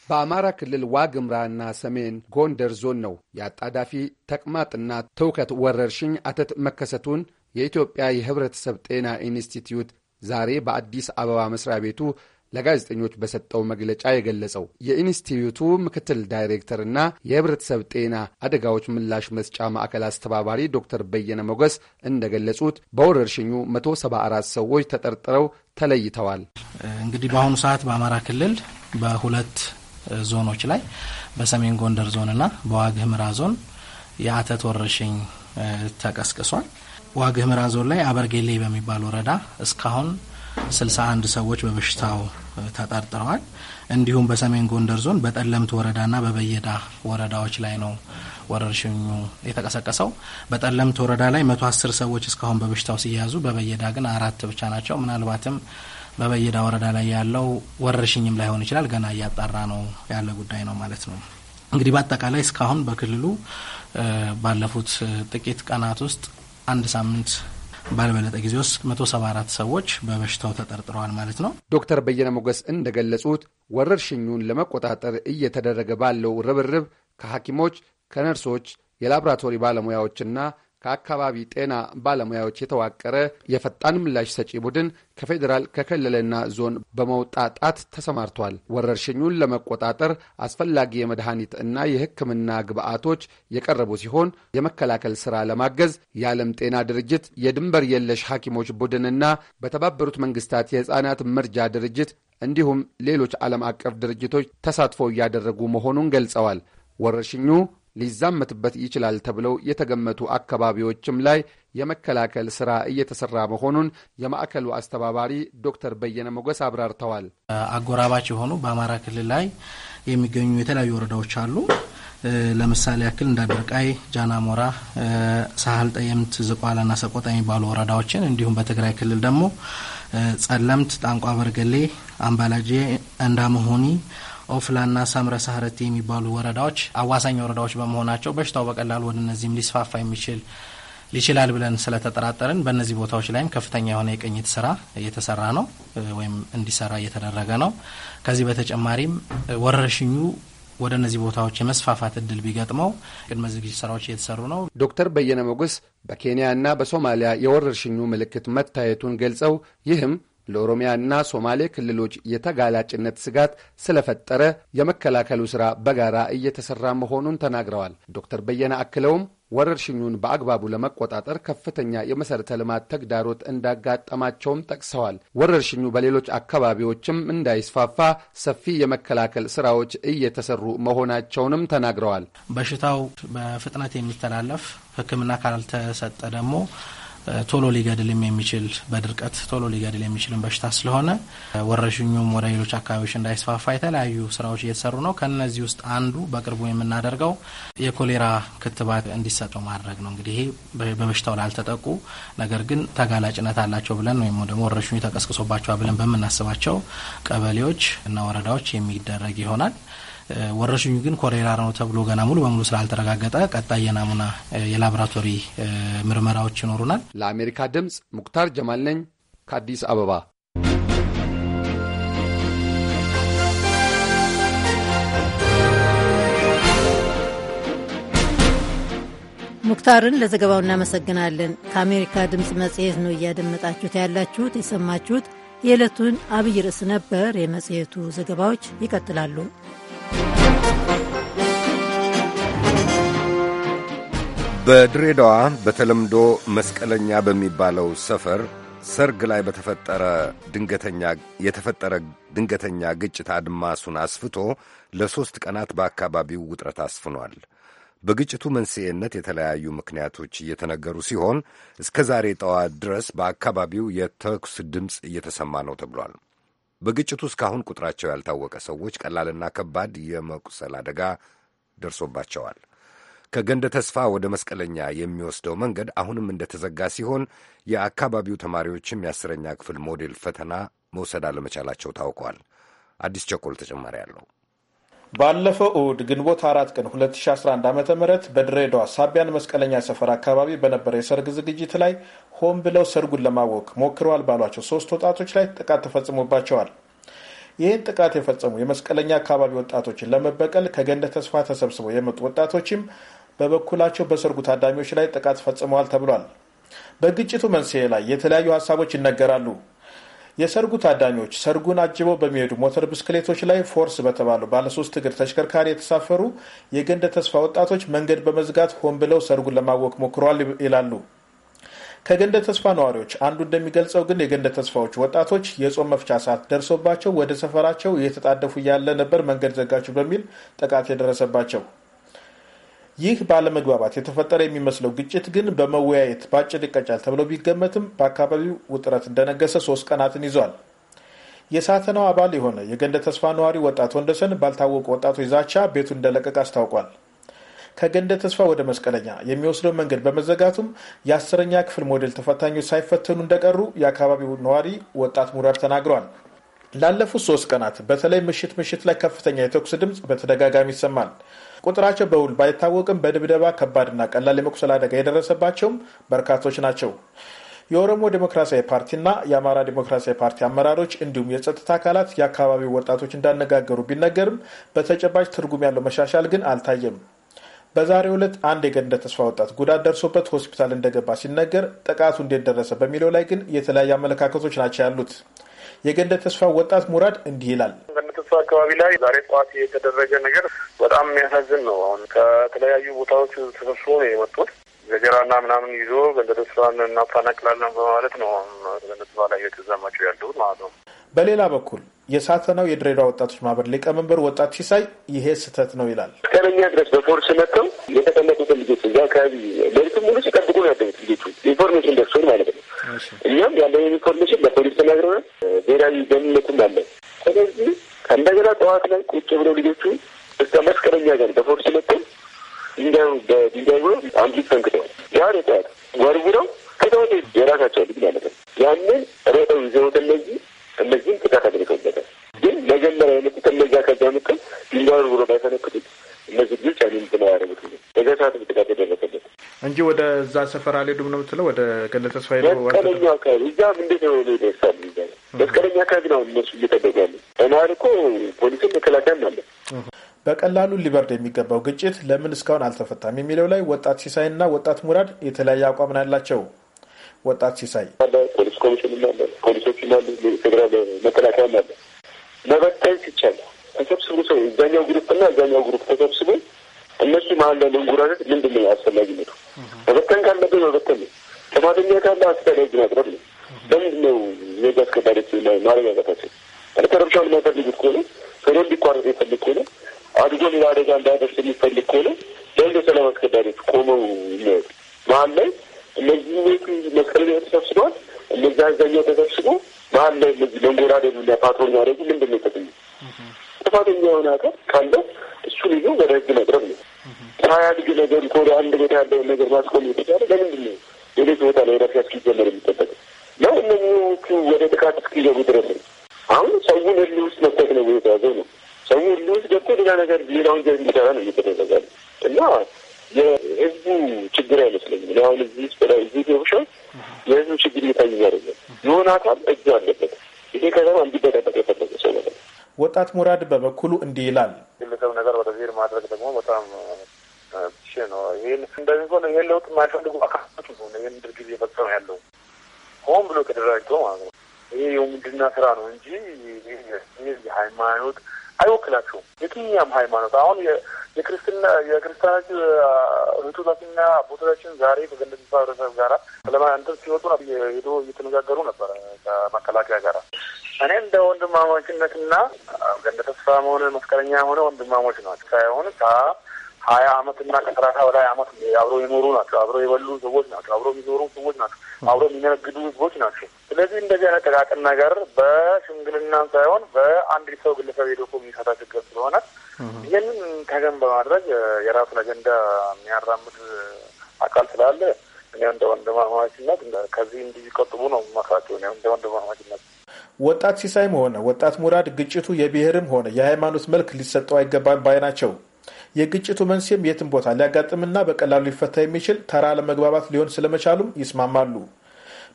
በአማራ ክልል ዋግምራና ሰሜን ጎንደር ዞን ነው የአጣዳፊ ተቅማጥና ትውከት ወረርሽኝ አተት መከሰቱን የኢትዮጵያ የሕብረተሰብ ጤና ኢንስቲትዩት ዛሬ በአዲስ አበባ መስሪያ ቤቱ ለጋዜጠኞች በሰጠው መግለጫ የገለጸው የኢንስቲትዩቱ ምክትል ዳይሬክተርና የህብረተሰብ ጤና አደጋዎች ምላሽ መስጫ ማዕከል አስተባባሪ ዶክተር በየነ ሞገስ እንደገለጹት በወረርሽኙ 174 ሰዎች ተጠርጥረው ተለይተዋል። እንግዲህ በአሁኑ ሰዓት በአማራ ክልል በሁለት ዞኖች ላይ በሰሜን ጎንደር ዞንና በዋግ ህምራ ዞን የአተት ወረርሽኝ ተቀስቅሷል። ዋግ ህምራ ዞን ላይ አበርጌሌ በሚባል ወረዳ እስካሁን 61 ሰዎች በበሽታው ተጠርጥረዋል። እንዲሁም በሰሜን ጎንደር ዞን በጠለምት ወረዳና በበየዳ ወረዳዎች ላይ ነው ወረርሽኙ የተቀሰቀሰው። በጠለምት ወረዳ ላይ 110 ሰዎች እስካሁን በበሽታው ሲያዙ፣ በበየዳ ግን አራት ብቻ ናቸው። ምናልባትም በበየዳ ወረዳ ላይ ያለው ወረርሽኝም ላይሆን ይችላል። ገና እያጣራ ነው ያለ ጉዳይ ነው ማለት ነው። እንግዲህ በአጠቃላይ እስካሁን በክልሉ ባለፉት ጥቂት ቀናት ውስጥ አንድ ሳምንት ባልበለጠ ጊዜ ውስጥ 174 ሰዎች በበሽታው ተጠርጥረዋል ማለት ነው። ዶክተር በየነ ሞገስ እንደገለጹት ወረርሽኙን ለመቆጣጠር እየተደረገ ባለው ርብርብ ከሐኪሞች፣ ከነርሶች፣ የላብራቶሪ ባለሙያዎችና ከአካባቢ ጤና ባለሙያዎች የተዋቀረ የፈጣን ምላሽ ሰጪ ቡድን ከፌዴራል ከክልልና ዞን በመውጣጣት ተሰማርቷል። ወረርሽኙን ለመቆጣጠር አስፈላጊ የመድኃኒት እና የሕክምና ግብዓቶች የቀረቡ ሲሆን የመከላከል ሥራ ለማገዝ የዓለም ጤና ድርጅት የድንበር የለሽ ሐኪሞች ቡድንና በተባበሩት መንግስታት የሕፃናት መርጃ ድርጅት እንዲሁም ሌሎች ዓለም አቀፍ ድርጅቶች ተሳትፎ እያደረጉ መሆኑን ገልጸዋል። ወረርሽኙ ሊዛመትበት ይችላል ተብለው የተገመቱ አካባቢዎችም ላይ የመከላከል ስራ እየተሰራ መሆኑን የማዕከሉ አስተባባሪ ዶክተር በየነ ሞገስ አብራርተዋል። አጎራባች የሆኑ በአማራ ክልል ላይ የሚገኙ የተለያዩ ወረዳዎች አሉ። ለምሳሌ ያክል እንደ አደርቃይ፣ ጃናሞራ፣ ሳህል ጠየምት፣ ዝቋላና ሰቆጣ የሚባሉ ወረዳዎችን እንዲሁም በትግራይ ክልል ደግሞ ጸለምት፣ ጣንቋ በርገሌ፣ አምባላጄ፣ እንዳመሆኒ ኦፍላና ሳምረ ሳህረት የሚባሉ ወረዳዎች አዋሳኝ ወረዳዎች በመሆናቸው በሽታው በቀላሉ ወደ እነዚህም ሊስፋፋ የሚችል ይችላል ብለን ስለተጠራጠርን በእነዚህ ቦታዎች ላይም ከፍተኛ የሆነ የቅኝት ስራ እየተሰራ ነው ወይም እንዲሰራ እየተደረገ ነው። ከዚህ በተጨማሪም ወረርሽኙ ወደ እነዚህ ቦታዎች የመስፋፋት እድል ቢገጥመው ቅድመ ዝግጅት ስራዎች እየተሰሩ ነው። ዶክተር በየነ ሞገስ በኬንያና በሶማሊያ የወረርሽኙ ምልክት መታየቱን ገልጸው ይህም ለኦሮሚያና ሶማሌ ክልሎች የተጋላጭነት ስጋት ስለፈጠረ የመከላከሉ ስራ በጋራ እየተሰራ መሆኑን ተናግረዋል። ዶክተር በየነ አክለውም ወረርሽኙን በአግባቡ ለመቆጣጠር ከፍተኛ የመሠረተ ልማት ተግዳሮት እንዳጋጠማቸውም ጠቅሰዋል። ወረርሽኙ በሌሎች አካባቢዎችም እንዳይስፋፋ ሰፊ የመከላከል ስራዎች እየተሰሩ መሆናቸውንም ተናግረዋል። በሽታው በፍጥነት የሚተላለፍ ሕክምና ካልተሰጠ ደግሞ ቶሎ ሊገድልም የሚችል በድርቀት ቶሎ ሊገድል የሚችልን በሽታ ስለሆነ ወረሽኙም ወደ ሌሎች አካባቢዎች እንዳይስፋፋ የተለያዩ ስራዎች እየተሰሩ ነው። ከነዚህ ውስጥ አንዱ በቅርቡ የምናደርገው የኮሌራ ክትባት እንዲሰጠው ማድረግ ነው። እንግዲህ ይሄ በበሽታው ላልተጠቁ ነገር ግን ተጋላጭነት አላቸው ብለን ወይም ደግሞ ወረሽኙ ተቀስቅሶባቸዋል ብለን በምናስባቸው ቀበሌዎች እና ወረዳዎች የሚደረግ ይሆናል። ወረርሽኙ ግን ኮሌራ ነው ተብሎ ገና ሙሉ በሙሉ ስላልተረጋገጠ ቀጣይ የናሙና የላቦራቶሪ ምርመራዎች ይኖሩናል። ለአሜሪካ ድምፅ ሙክታር ጀማል ነኝ ከአዲስ አበባ። ሙክታርን ለዘገባው እናመሰግናለን። ከአሜሪካ ድምፅ መጽሔት ነው እያደመጣችሁት ያላችሁት። የሰማችሁት የዕለቱን አብይ ርዕስ ነበር። የመጽሔቱ ዘገባዎች ይቀጥላሉ። በድሬዳዋ በተለምዶ መስቀለኛ በሚባለው ሰፈር ሰርግ ላይ በተፈጠረ ድንገተኛ የተፈጠረ ድንገተኛ ግጭት አድማሱን አስፍቶ ለሦስት ቀናት በአካባቢው ውጥረት አስፍኗል። በግጭቱ መንስኤነት የተለያዩ ምክንያቶች እየተነገሩ ሲሆን እስከ ዛሬ ጠዋት ድረስ በአካባቢው የተኩስ ድምፅ እየተሰማ ነው ተብሏል። በግጭቱ እስካሁን ቁጥራቸው ያልታወቀ ሰዎች ቀላልና ከባድ የመቁሰል አደጋ ደርሶባቸዋል። ከገንደ ተስፋ ወደ መስቀለኛ የሚወስደው መንገድ አሁንም እንደተዘጋ ሲሆን የአካባቢው ተማሪዎችም የአስረኛ ክፍል ሞዴል ፈተና መውሰድ አለመቻላቸው ታውቋል። አዲስ ቸኮል ተጨማሪ አለው። ባለፈው እሁድ ግንቦት አራት ቀን 2011 ዓ ም በድሬዳዋ ሳቢያን መስቀለኛ ሰፈር አካባቢ በነበረ የሰርግ ዝግጅት ላይ ሆን ብለው ሰርጉን ለማወክ ሞክረዋል ባሏቸው ሶስት ወጣቶች ላይ ጥቃት ተፈጽሞባቸዋል። ይህን ጥቃት የፈጸሙ የመስቀለኛ አካባቢ ወጣቶችን ለመበቀል ከገንደ ተስፋ ተሰብስበው የመጡ ወጣቶችም በበኩላቸው በሰርጉ ታዳሚዎች ላይ ጥቃት ፈጽመዋል ተብሏል። በግጭቱ መንስኤ ላይ የተለያዩ ሀሳቦች ይነገራሉ። የሰርጉ ታዳሚዎች ሰርጉን አጅበው በሚሄዱ ሞተር ብስክሌቶች ላይ ፎርስ በተባሉ ባለሶስት እግር ተሽከርካሪ የተሳፈሩ የገንደ ተስፋ ወጣቶች መንገድ በመዝጋት ሆን ብለው ሰርጉን ለማወቅ ሞክረዋል ይላሉ። ከገንደ ተስፋ ነዋሪዎች አንዱ እንደሚገልጸው ግን የገንደ ተስፋዎች ወጣቶች የጾም መፍቻ ሰዓት ደርሶባቸው ወደ ሰፈራቸው እየተጣደፉ እያለ ነበር መንገድ ዘጋችሁ በሚል ጥቃት የደረሰባቸው። ይህ ባለመግባባት የተፈጠረ የሚመስለው ግጭት ግን በመወያየት በአጭር ይቀጫል ተብሎ ቢገመትም በአካባቢው ውጥረት እንደነገሰ ሶስት ቀናትን ይዟል። የሳተናው አባል የሆነ የገንደ ተስፋ ነዋሪ ወጣት ወንደሰን ባልታወቁ ወጣቶች ዛቻ ቤቱን እንደለቀቀ አስታውቋል። ከገንደ ተስፋ ወደ መስቀለኛ የሚወስደው መንገድ በመዘጋቱም የአስረኛ ክፍል ሞዴል ተፈታኞች ሳይፈተኑ እንደቀሩ የአካባቢው ነዋሪ ወጣት ሙራድ ተናግሯል። ላለፉት ሶስት ቀናት በተለይ ምሽት ምሽት ላይ ከፍተኛ የተኩስ ድምፅ በተደጋጋሚ ይሰማል። ቁጥራቸው በውል ባይታወቅም በድብደባ ከባድና ቀላል የመቁሰል አደጋ የደረሰባቸውም በርካቶች ናቸው። የኦሮሞ ዴሞክራሲያዊ ፓርቲና የአማራ ዴሞክራሲያዊ ፓርቲ አመራሮች እንዲሁም የጸጥታ አካላት የአካባቢው ወጣቶች እንዳነጋገሩ ቢነገርም በተጨባጭ ትርጉም ያለው መሻሻል ግን አልታየም። በዛሬው ዕለት አንድ የገንደ ተስፋ ወጣት ጉዳት ደርሶበት ሆስፒታል እንደገባ ሲነገር ጥቃቱ እንዴት ደረሰ በሚለው ላይ ግን የተለያዩ አመለካከቶች ናቸው ያሉት። የገንደ ተስፋ ወጣት ሙራድ እንዲህ ይላል። ገንደ ተስፋ አካባቢ ላይ ዛሬ ጠዋት የተደረገ ነገር በጣም የሚያሳዝን ነው። አሁን ከተለያዩ ቦታዎች ተሰብስቦ ነው የመጡት ገጀራና ምናምን ይዞ ገንደ ተስፋን እናፈናቅላለን በማለት ነው ገንደ ተስፋ ላይ የተዛማቸው ያለሁት ማለት ነው። በሌላ በኩል የሳተናው የድሬዳዋ ወጣቶች ማህበር ሊቀመንበር ወጣት ሲሳይ ይሄ ስህተት ነው ይላል። እስከ ድረስ በፖሊስ መጥተው የተቀመጡትን ልጆች እዛ አካባቢ ሌሊቱን ሙሉ ነው ያደጉት ልጆቹ ኢንፎርሜሽን ደርሶን ማለት ነው። እኛም ያለን ኢንፎርሜሽን ለፖሊስ ተናግረናል። ብሔራዊ ደህንነቱም አለ። ስለዚህ እንደገና ጠዋት ላይ ቁጭ ብለው ልጆቹ እስከ መስቀለኛ ጋር በፎርስ መጥተው ድንጋዩ በድንጋይ ብሎ አምሊት ፈንክተዋል። ዛሬ ጠዋት ወርውረው ከተወደ የራሳቸው ልጅ ማለት ነው ያንን ሮጠው ይዘውት እነዚህ እነዚህም ጥቃት አድርገውበታል። ግን መጀመሪያ የመጡት እነዚያ ከዛ ምክል ድንጋዩን ብሎ ባይፈነክቱት እነዚህ ግልጽ ያሉን ብለው ያደረጉት በዛ ሰዓት ጥቃት የደረሰበት እንጂ ወደ እዛ ሰፈር አልሄዱም ነው የምትለው? ወደ ገለ ተስፋ ሄደ መስቀለኛ አካባቢ እዛም እንዴት ነው ሆነ ይደርሳሉ ይዛ መስቀለኛ አካባቢ ነው እነሱ እየጠበቁ ያለ ተማሪ እኮ ፖሊስም መከላከያም አለ። በቀላሉ ሊበርድ የሚገባው ግጭት ለምን እስካሁን አልተፈታም የሚለው ላይ ወጣት ሲሳይ ሲሳይና ወጣት ሙራድ የተለያየ አቋም ነው ያላቸው። ወጣት ሲሳይ ፖሊስ ኮሚሽን አለ፣ ፖሊሶች አሉ፣ ፌዴራል መከላከያም አለ። መበተን ሲቻል ተሰብስቡ ሰው እዛኛው ግሩፕ እና እዛኛው ግሩፕ ተሰብስቡ። እነሱ መሀል ላይ መንጎራተት ምንድን ነው አስፈላጊነቱ? መበተን ካለብህ መበተን ነው። ጥፋተኛ ካለ አስፈላጊ ማቅረብ ነው። ለምንድን ነው ዜጋ አስከባሪዎች ማድረግ ያቀታቸው? ማለት ረብሻውን ከሆነ ሰሮ እንዲቋረጥ የፈልግ ከሆነ አድጎ ሌላ አደጋ እንዳያደርስ የሚፈልግ ከሆነ ለእንደ ሰላም አስከባሪዎች ቆመው ይለያሉ። መሀል ላይ እነዚህ ቤቱ መስቀለኛ ተሰብስበዋል። እነዚህ አዛኛው ተሰብስቦ መሀል ላይ እነዚህ መንጎራደዱ ፓትሮን ፓትሮል ያደረጉ ምንድን ነው ይጠቅኛል ጥፋተኛ የሆነ አካል ካለ እሱ ልዩ ወደ ህግ መቅረብ ነው። ሳያድግ ነገር ከወደ አንድ ቦታ ያለውን ነገር ማስቆም የተቻለ ለምንድን ነው ሌሎች ቦታ ላይ ረፊያ እስኪጀመር የሚጠበቀው ነው? እነኞቹ ወደ ጥቃት እስኪገቡ ድረስ ነው። አሁን ሰውን ህል ውስጥ መክተት ነው የተያዘው ነው። ሰው ህል ውስጥ ገብቶ ሌላ ነገር ሌላ ወንጀል እንዲሰራ ነው እየተደረገ እና የህዝቡ ችግር አይመስለኝም። አሁን እዚህ ስ እዚህ ሾ የህዝቡ ችግር እየታየ አይደለም። የሆነ አካል ራፋት ሙራድ በበኩሉ እንዲህ ይላል። ግለሰብ ነገር ወደዚህ ማድረግ ደግሞ በጣም ሽ ነው። ይህን እንደዚህ ከሆነ ይህን ለውጥ የማይፈልጉ አካላት ነው ይህን ድርጊት የፈጸመ ያለው ሆን ብሎ ከደራጅቶ ማለት ነው። ይህ የውንድና ስራ ነው እንጂ ሃይማኖት አይወክላቸውም። የትኛም ሃይማኖት አሁን የክርስትና የክርስቲያናችን እህቶቻችንና አቦቶቻችን ዛሬ ከገንደ ህብረተሰብ ጋራ ለማንተ ሲወጡ ሄዶ እየተነጋገሩ ነበረ ከመከላከያ ጋር እኔ እንደ ወንድማማችነትና እንደ ተስፋ መሆን መስቀለኛ የሆነ ወንድማሞች ናቸው። ሳይሆን ከሀያ አመትና ከሰላሳ በላይ አመት አብሮ የኖሩ ናቸው። አብሮ የበሉ ሰዎች ናቸው። አብሮ የሚኖሩ ሰዎች ናቸው። አብሮ የሚነግዱ ህዝቦች ናቸው። ስለዚህ እንደዚህ አይነት ጥቃቅን ነገር በሽምግልና ሳይሆን በአንድ ሰው ግለሰብ ሄዶ እኮ ችግር ስለሆነ ይህንን ተገን በማድረግ የራሱን አጀንዳ የሚያራምድ አካል ስላለ እኔ እንደ ወንድማማችነት ከዚህ እንዲቆጥቡ ነው የማስራቸው። እኔ እንደ ወንድማማችነት ወጣት ሲሳይም ሆነ ወጣት ሙራድ ግጭቱ የብሔርም ሆነ የሃይማኖት መልክ ሊሰጠው አይገባም ባይ ናቸው። የግጭቱ መንስኤም የትም ቦታ ሊያጋጥምና በቀላሉ ሊፈታ የሚችል ተራ ለመግባባት ሊሆን ስለመቻሉም ይስማማሉ።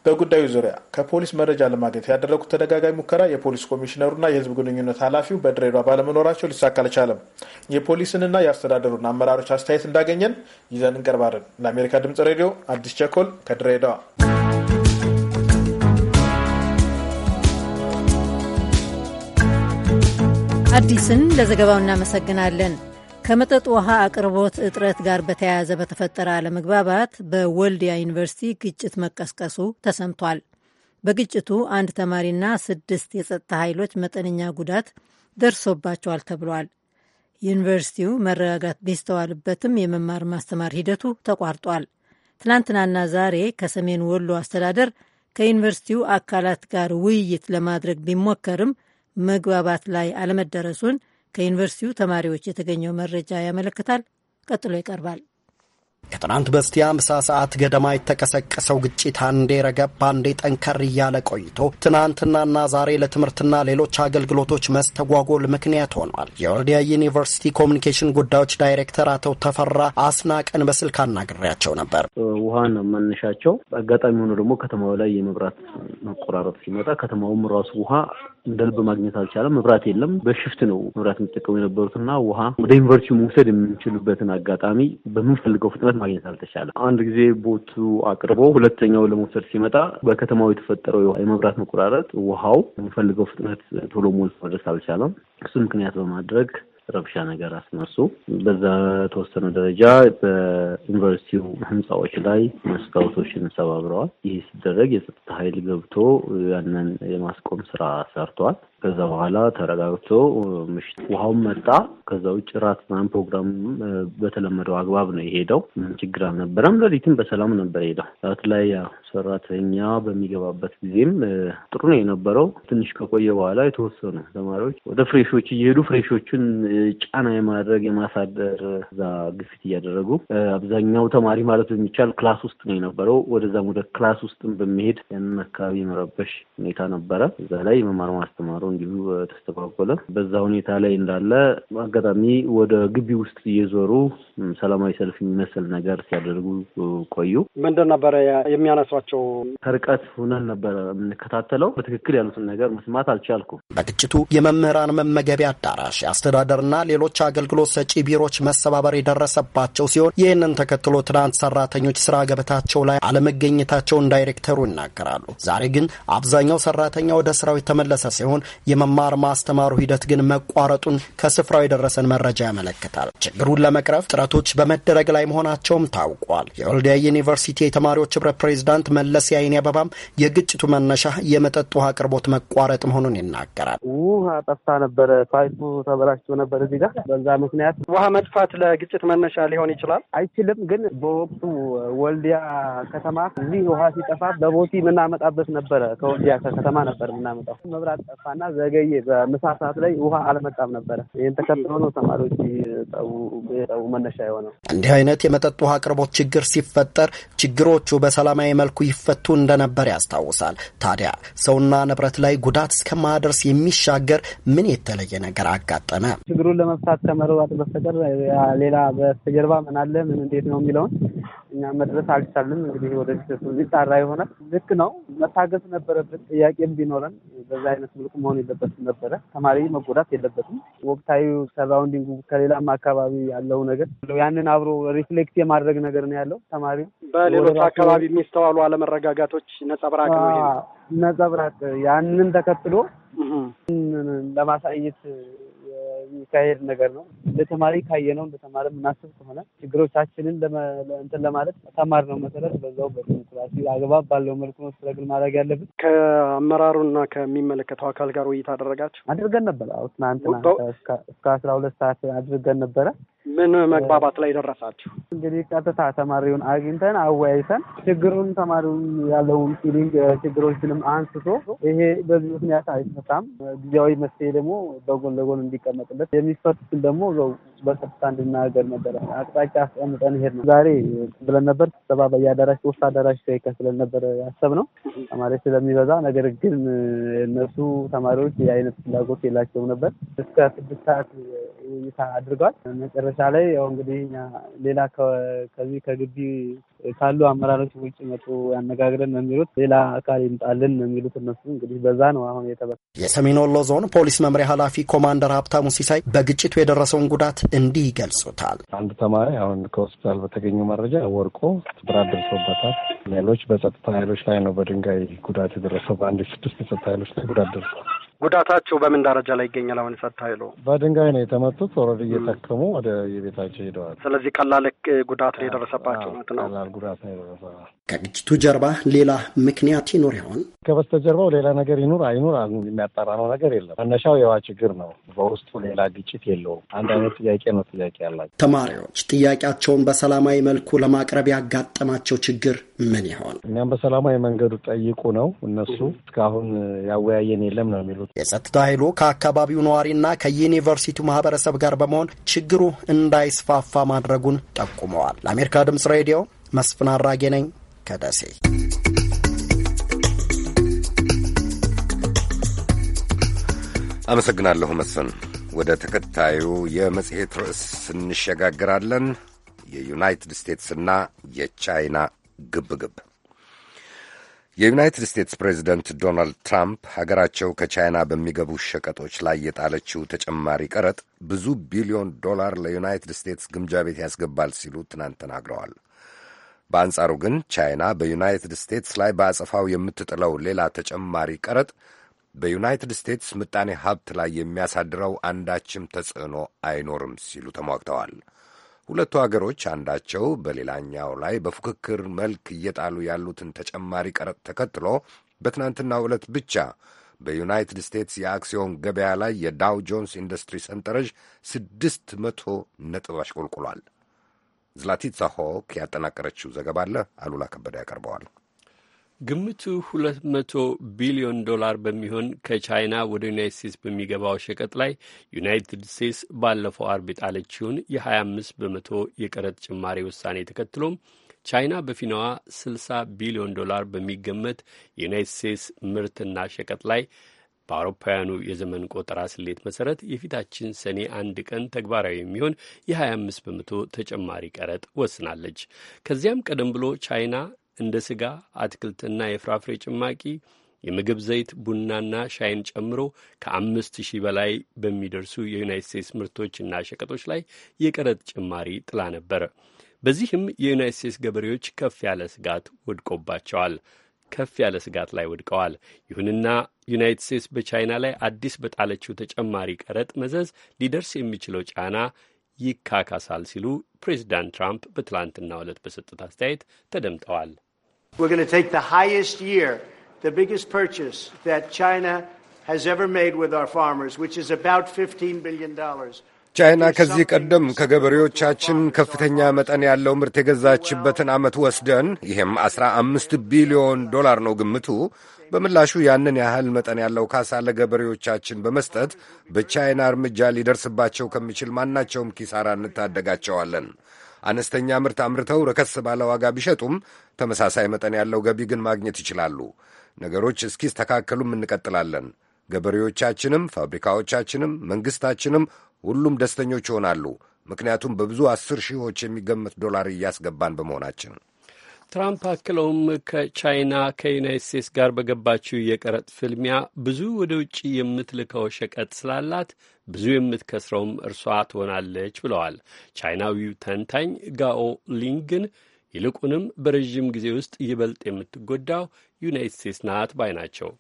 በጉዳዩ ዙሪያ ከፖሊስ መረጃ ለማግኘት ያደረጉት ተደጋጋሚ ሙከራ የፖሊስ ኮሚሽነሩና የህዝብ ግንኙነት ኃላፊው በድሬዳዋ ባለመኖራቸው ሊሳካ አልቻለም። የፖሊስንና የአስተዳደሩን አመራሮች አስተያየት እንዳገኘን ይዘን እንቀርባለን። ለአሜሪካ ድምጽ ሬዲዮ አዲስ ቸኮል ከድሬዳዋ አዲስን ለዘገባው እናመሰግናለን። ከመጠጥ ውሃ አቅርቦት እጥረት ጋር በተያያዘ በተፈጠረ አለመግባባት በወልዲያ ዩኒቨርሲቲ ግጭት መቀስቀሱ ተሰምቷል። በግጭቱ አንድ ተማሪና ስድስት የጸጥታ ኃይሎች መጠነኛ ጉዳት ደርሶባቸዋል ተብሏል። ዩኒቨርሲቲው መረጋጋት ቢስተዋልበትም የመማር ማስተማር ሂደቱ ተቋርጧል። ትናንትናና ዛሬ ከሰሜን ወሎ አስተዳደር ከዩኒቨርሲቲው አካላት ጋር ውይይት ለማድረግ ቢሞከርም መግባባት ላይ አለመደረሱን ከዩኒቨርሲቲው ተማሪዎች የተገኘው መረጃ ያመለክታል። ቀጥሎ ይቀርባል። ከትናንት በስቲያ ምሳ ሰዓት ገደማ የተቀሰቀሰው ግጭት አንዴ ረገብ አንዴ ጠንከር እያለ ቆይቶ ትናንትናና ዛሬ ለትምህርትና ሌሎች አገልግሎቶች መስተጓጎል ምክንያት ሆኗል። የወልዲያ ዩኒቨርሲቲ ኮሚኒኬሽን ጉዳዮች ዳይሬክተር አቶ ተፈራ አስናቀን በስልክ አናግሬያቸው ነበር። ውሃን መነሻቸው አጋጣሚ ሆኖ ደግሞ ከተማው ላይ የመብራት መቆራረጥ ሲመጣ ከተማውም ራሱ ውሃ እንደ ልብ ማግኘት አልቻለም። መብራት የለም። በሽፍት ነው መብራት የሚጠቀሙ የነበሩትና ውሃ ወደ ዩኒቨርሲቲ መውሰድ የምንችልበትን አጋጣሚ በምንፈልገው ፍጥነት ማግኘት አልተቻለም። አንድ ጊዜ ቦቱ አቅርቦ ሁለተኛው ለመውሰድ ሲመጣ በከተማው የተፈጠረው የመብራት መቆራረጥ ውሃው የምንፈልገው ፍጥነት ቶሎ ሞልቶ መድረስ አልቻለም። እሱ ምክንያት በማድረግ ረብሻ ነገር አስነሱ። በዛ ተወሰነ ደረጃ በዩኒቨርሲቲው ህንፃዎች ላይ መስታወቶችን ሰባብረዋል። ይህ ሲደረግ የጸጥታ ኃይል ገብቶ ያንን የማስቆም ስራ ሰርቷል። ከዛ በኋላ ተረጋግቶ ምሽት ውሃውን መጣ። ከዛ ውጭ ራት ምናምን ፕሮግራም በተለመደው አግባብ ነው የሄደው። ችግር አልነበረም። ሌሊትም በሰላም ነበር ሄደው። ሰዓት ላይ ሰራተኛ በሚገባበት ጊዜም ጥሩ ነው የነበረው። ትንሽ ከቆየ በኋላ የተወሰኑ ተማሪዎች ወደ ፍሬሾች እየሄዱ ፍሬሾቹን ጫና የማድረግ የማሳደር እዛ ግፊት እያደረጉ አብዛኛው ተማሪ ማለት በሚቻል ክላስ ውስጥ ነው የነበረው። ወደዛም ወደ ክላስ ውስጥም በሚሄድ ያንን አካባቢ መረበሽ ሁኔታ ነበረ። እዛ ላይ መማር ማስተማሩ እንዲሁ ተስተጓጎለ። በዛ ሁኔታ ላይ እንዳለ አጋጣሚ ወደ ግቢ ውስጥ እየዞሩ ሰላማዊ ሰልፍ የሚመስል ነገር ሲያደርጉ ቆዩ። ምንድን ነበረ የሚያነሷቸው? ከርቀት ሁነን ነበረ የምንከታተለው። በትክክል ያሉትን ነገር መስማት አልቻልኩም። በግጭቱ የመምህራን መመገቢያ አዳራሽ፣ አስተዳደርና ሌሎች አገልግሎት ሰጪ ቢሮዎች መሰባበር የደረሰባቸው ሲሆን ይህንን ተከትሎ ትናንት ሰራተኞች ስራ ገበታቸው ላይ አለመገኘታቸውን ዳይሬክተሩ ይናገራሉ። ዛሬ ግን አብዛኛው ሰራተኛ ወደ ስራው የተመለሰ ሲሆን የመማር ማስተማሩ ሂደት ግን መቋረጡን ከስፍራው የደረሰን መረጃ ያመለክታል። ችግሩን ለመቅረፍ ጥረቶች በመደረግ ላይ መሆናቸውም ታውቋል። የወልዲያ ዩኒቨርሲቲ የተማሪዎች ህብረት ፕሬዚዳንት መለስ የአይኔ አበባም የግጭቱ መነሻ የመጠጥ ውሃ አቅርቦት መቋረጥ መሆኑን ይናገራል። ውሃ ጠፍታ ነበረ፣ ፓይፑ ተበላሽቶ ነበር እዚህ ጋር። በዛ ምክንያት ውሃ መጥፋት ለግጭት መነሻ ሊሆን ይችላል አይችልም። ግን በወቅቱ ወልዲያ ከተማ እዚህ ውሃ ሲጠፋ በቦቲ የምናመጣበት ነበረ። ከወልዲያ ከተማ ነበር የምናመጣው። መብራት ጠፋና ዘገየ። በምሳ ሰዓት ላይ ውሃ አልመጣም ነበረ። ይህን ተከትሎ ነው ተማሪዎች የጠቡ መነሻ የሆነው። እንዲህ አይነት የመጠጥ ውሃ አቅርቦት ችግር ሲፈጠር ችግሮቹ በሰላማዊ መልኩ ይፈቱ እንደነበር ያስታውሳል። ታዲያ ሰውና ንብረት ላይ ጉዳት እስከማደርስ የሚሻገር ምን የተለየ ነገር አጋጠመ? ችግሩን ለመፍታት ከመረባት በስተቀር ሌላ በስተጀርባ ምን አለ ምን እንዴት ነው የሚለውን እኛ መድረስ አልቻልም። እንግዲህ ወደፊት እሱ ሊጣራ ይሆናል። ልክ ነው፣ መታገስ ነበረብን። ጥያቄም ቢኖረን በዛ አይነት መልኩ መሆን የለበትም ነበረ። ተማሪ መጎዳት የለበትም። ወቅታዊ ሰራውንዲንጉ ከሌላም አካባቢ ያለው ነገር ያንን አብሮ ሪፍሌክት የማድረግ ነገር ነው ያለው። ተማሪ በሌሎች አካባቢ የሚስተዋሉ አለመረጋጋቶች ነጸብራቅ ነው ነጸብራቅ ያንን ተከትሎ ለማሳየት የሚካሄድ ነገር ነው። ለተማሪ ካየነው እንደተማሪ የምናስብ ከሆነ ችግሮቻችንን እንትን ለማለት ተማር ነው መሰረት በዛው በዲሞክራሲ አግባብ ባለው መልኩ ነው ስለግል ማድረግ ያለብን። ከአመራሩና ከሚመለከተው አካል ጋር ውይይት አደረጋችሁ? አድርገን ነበረ። አዎ ትናንትና እስከ አስራ ሁለት ሰዓት አድርገን ነበረ። ምን መግባባት ላይ ደረሳችሁ? እንግዲህ ቀጥታ ተማሪውን አግኝተን አወያይተን ችግሩን ተማሪውን ያለውን ፊሊንግ ችግሮችንም አንስቶ ይሄ በዚህ ምክንያት አይፈታም፣ ጊዜያዊ መፍትሄ ደግሞ በጎን ለጎን እንዲቀመጥለት የሚፈቱትን ደግሞ በቀጥታ እንድናገር ነበረ አቅጣጫ አስቀምጠን ይሄድ ነው። ዛሬ ብለን ነበር ስብሰባ በየአዳራሽ ሶስት አዳራሽ ተይከ ስለነበረ ያሰብ ነው ተማሪ ስለሚበዛ ነገር ግን እነሱ ተማሪዎች የአይነት ፍላጎት የላቸውም ነበር እስከ ስድስት ሰዓት ውይይታ አድርገዋል መጨረሻ መጨረሻ ላይ ያው እንግዲህ ሌላ ከዚህ ከግቢ ካሉ አመራሮች ውጭ መጡ ያነጋግረን ነው የሚሉት ሌላ አካል ይምጣልን ነው የሚሉት እነሱ እንግዲህ በዛ ነው አሁን የተበ የሰሜን ወሎ ዞን ፖሊስ መምሪያ ኃላፊ ኮማንደር ሀብታሙ ሲሳይ በግጭቱ የደረሰውን ጉዳት እንዲህ ይገልጹታል። አንድ ተማሪ አሁን ከሆስፒታል በተገኘ መረጃ ወርቆ ብራት ደርሶበታል። ሌሎች በጸጥታ ኃይሎች ላይ ነው በድንጋይ ጉዳት የደረሰው። በአንድ ስድስት የጸጥታ ኃይሎች ላይ ጉዳት ደርሷል። ጉዳታቸው በምን ደረጃ ላይ ይገኛል? አሁን የጸጥታ ኃይሉ በድንጋይ ነው የተመቱት። ኦልሬዲ እየተከሙ ወደ የቤታቸው ሄደዋል። ስለዚህ ቀላል ጉዳት ነው የደረሰባቸው ማለት ነው። ቀላል ጉዳት ነው የደረሰባቸው። ከግጭቱ ጀርባ ሌላ ምክንያት ይኖር ይሆን? ከበስተጀርባው ሌላ ነገር ይኑር አይኑር የሚያጠራ ነው ነገር የለም። መነሻው የዋ ችግር ነው። በውስጡ ሌላ ግጭት የለውም። አንድ አይነት ጥያቄ ነው ጥያቄ ያላቸው ተማሪዎች ጥያቄያቸውን በሰላማዊ መልኩ ለማቅረብ ያጋጠማቸው ችግር ምን ይሆን? እኛም በሰላማዊ መንገዱ ጠይቁ ነው እነሱ እስካሁን ያወያየን የለም ነው የሚሉት። የጸጥታ ኃይሉ ከአካባቢው ነዋሪና ከዩኒቨርሲቲው ማህበረሰብ ጋር በመሆን ችግሩ እንዳይስፋፋ ማድረጉን ጠቁመዋል። ለአሜሪካ ድምጽ ሬዲዮ መስፍን አራጌ ነኝ ከደሴ አመሰግናለሁ መስፍን። ወደ ተከታዩ የመጽሔት ርዕስ እንሸጋግራለን። የዩናይትድ ስቴትስና የቻይና ግብግብ። የዩናይትድ ስቴትስ ፕሬዚደንት ዶናልድ ትራምፕ ሀገራቸው ከቻይና በሚገቡ ሸቀጦች ላይ የጣለችው ተጨማሪ ቀረጥ ብዙ ቢሊዮን ዶላር ለዩናይትድ ስቴትስ ግምጃ ቤት ያስገባል ሲሉ ትናንት ተናግረዋል። በአንጻሩ ግን ቻይና በዩናይትድ ስቴትስ ላይ በአጸፋው የምትጥለው ሌላ ተጨማሪ ቀረጥ በዩናይትድ ስቴትስ ምጣኔ ሀብት ላይ የሚያሳድረው አንዳችም ተጽዕኖ አይኖርም ሲሉ ተሟግተዋል። ሁለቱ አገሮች አንዳቸው በሌላኛው ላይ በፉክክር መልክ እየጣሉ ያሉትን ተጨማሪ ቀረጥ ተከትሎ በትናንትናው ዕለት ብቻ በዩናይትድ ስቴትስ የአክሲዮን ገበያ ላይ የዳው ጆንስ ኢንዱስትሪ ሰንጠረዥ ስድስት መቶ ነጥብ አሽቆልቁሏል። ዝላቲትሳ ሆክ ያጠናቀረችው ዘገባ አለ አሉላ ከበደ ያቀርበዋል። ግምቱ ሁለት መቶ ቢሊዮን ዶላር በሚሆን ከቻይና ወደ ዩናይትድ ስቴትስ በሚገባው ሸቀጥ ላይ ዩናይትድ ስቴትስ ባለፈው አርብ የጣለችውን የ25 በመቶ የቀረጥ ጭማሪ ውሳኔ ተከትሎም ቻይና በፊናዋ 60 ቢሊዮን ዶላር በሚገመት የዩናይትድ ስቴትስ ምርትና ሸቀጥ ላይ በአውሮፓውያኑ የዘመን ቆጠራ ስሌት መሰረት የፊታችን ሰኔ አንድ ቀን ተግባራዊ የሚሆን የ25 በመቶ ተጨማሪ ቀረጥ ወስናለች። ከዚያም ቀደም ብሎ ቻይና እንደ ስጋ፣ አትክልትና የፍራፍሬ ጭማቂ የምግብ ዘይት፣ ቡናና ሻይን ጨምሮ ከአምስት ሺህ በላይ በሚደርሱ የዩናይት ስቴትስ ምርቶችና ሸቀጦች ላይ የቀረጥ ጭማሪ ጥላ ነበር። በዚህም የዩናይት ስቴትስ ገበሬዎች ከፍ ያለ ስጋት ወድቆባቸዋል። ከፍ ያለ ስጋት ላይ ወድቀዋል። ይሁንና ዩናይትድ ስቴትስ በቻይና ላይ አዲስ በጣለችው ተጨማሪ ቀረጥ መዘዝ ሊደርስ የሚችለው ጫና ይካካሳል ሲሉ ፕሬዚዳንት ትራምፕ በትላንትና ዕለት በሰጡት አስተያየት ተደምጠዋል። ቻይና ከዚህ ቀደም ከገበሬዎቻችን ከፍተኛ መጠን ያለው ምርት የገዛችበትን ዓመት ወስደን ይህም አስራ አምስት ቢሊዮን ዶላር ነው ግምቱ። በምላሹ ያንን ያህል መጠን ያለው ካሳ ለገበሬዎቻችን በመስጠት በቻይና እርምጃ ሊደርስባቸው ከሚችል ማናቸውም ኪሳራ እንታደጋቸዋለን። አነስተኛ ምርት አምርተው ረከስ ባለ ዋጋ ቢሸጡም ተመሳሳይ መጠን ያለው ገቢ ግን ማግኘት ይችላሉ። ነገሮች እስኪስተካከሉም እንቀጥላለን። ገበሬዎቻችንም፣ ፋብሪካዎቻችንም፣ መንግሥታችንም ሁሉም ደስተኞች ይሆናሉ። ምክንያቱም በብዙ አስር ሺዎች የሚገመት ዶላር እያስገባን በመሆናችን። ትራምፕ አክለውም ከቻይና ከዩናይት ስቴትስ ጋር በገባችው የቀረጥ ፍልሚያ ብዙ ወደ ውጭ የምትልከው ሸቀጥ ስላላት ብዙ የምትከስረውም እርሷ ትሆናለች ብለዋል። ቻይናዊው ተንታኝ ጋኦ ሊንግን ይልቁንም በረዥም ጊዜ ውስጥ ይበልጥ የምትጎዳው ዩናይት ስቴትስ ናት ባይ ናቸው።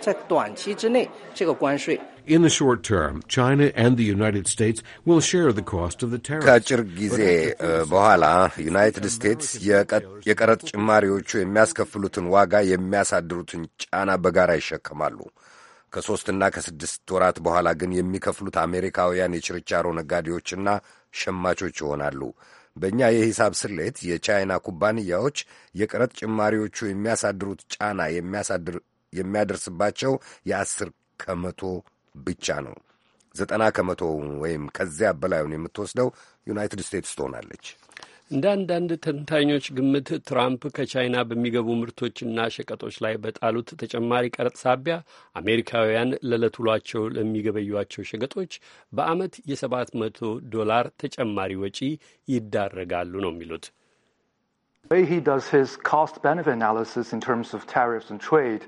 在短期之内，这个关税。In the short term, China and the United States will share the cost of the tariffs. ከአጭር ጊዜ በኋላ ዩናይትድ ስቴትስ የቀረጥ ጭማሪዎቹ የሚያስከፍሉትን ዋጋ የሚያሳድሩትን ጫና በጋራ ይሸከማሉ። ከሦስትና ከስድስት ወራት በኋላ ግን የሚከፍሉት አሜሪካውያን የችርቻሮ ነጋዴዎችና ሸማቾች ይሆናሉ። በእኛ የሂሳብ ስሌት የቻይና ኩባንያዎች የቀረጥ ጭማሪዎቹ የሚያሳድሩት ጫና የሚያሳድር የሚያደርስባቸው የአስር ከመቶ ብቻ ነው። ዘጠና ከመቶ ወይም ከዚያ በላዩን የምትወስደው ዩናይትድ ስቴትስ ትሆናለች። እንደ አንዳንድ ተንታኞች ግምት ትራምፕ ከቻይና በሚገቡ ምርቶችና ሸቀጦች ላይ በጣሉት ተጨማሪ ቀረጥ ሳቢያ አሜሪካውያን ለዕለት ውሏቸው ለሚገበዩቸው ሸቀጦች በዓመት የሰባት መቶ ዶላር ተጨማሪ ወጪ ይዳረጋሉ ነው የሚሉት። he does his cost benefit analysis in terms of tariffs and trade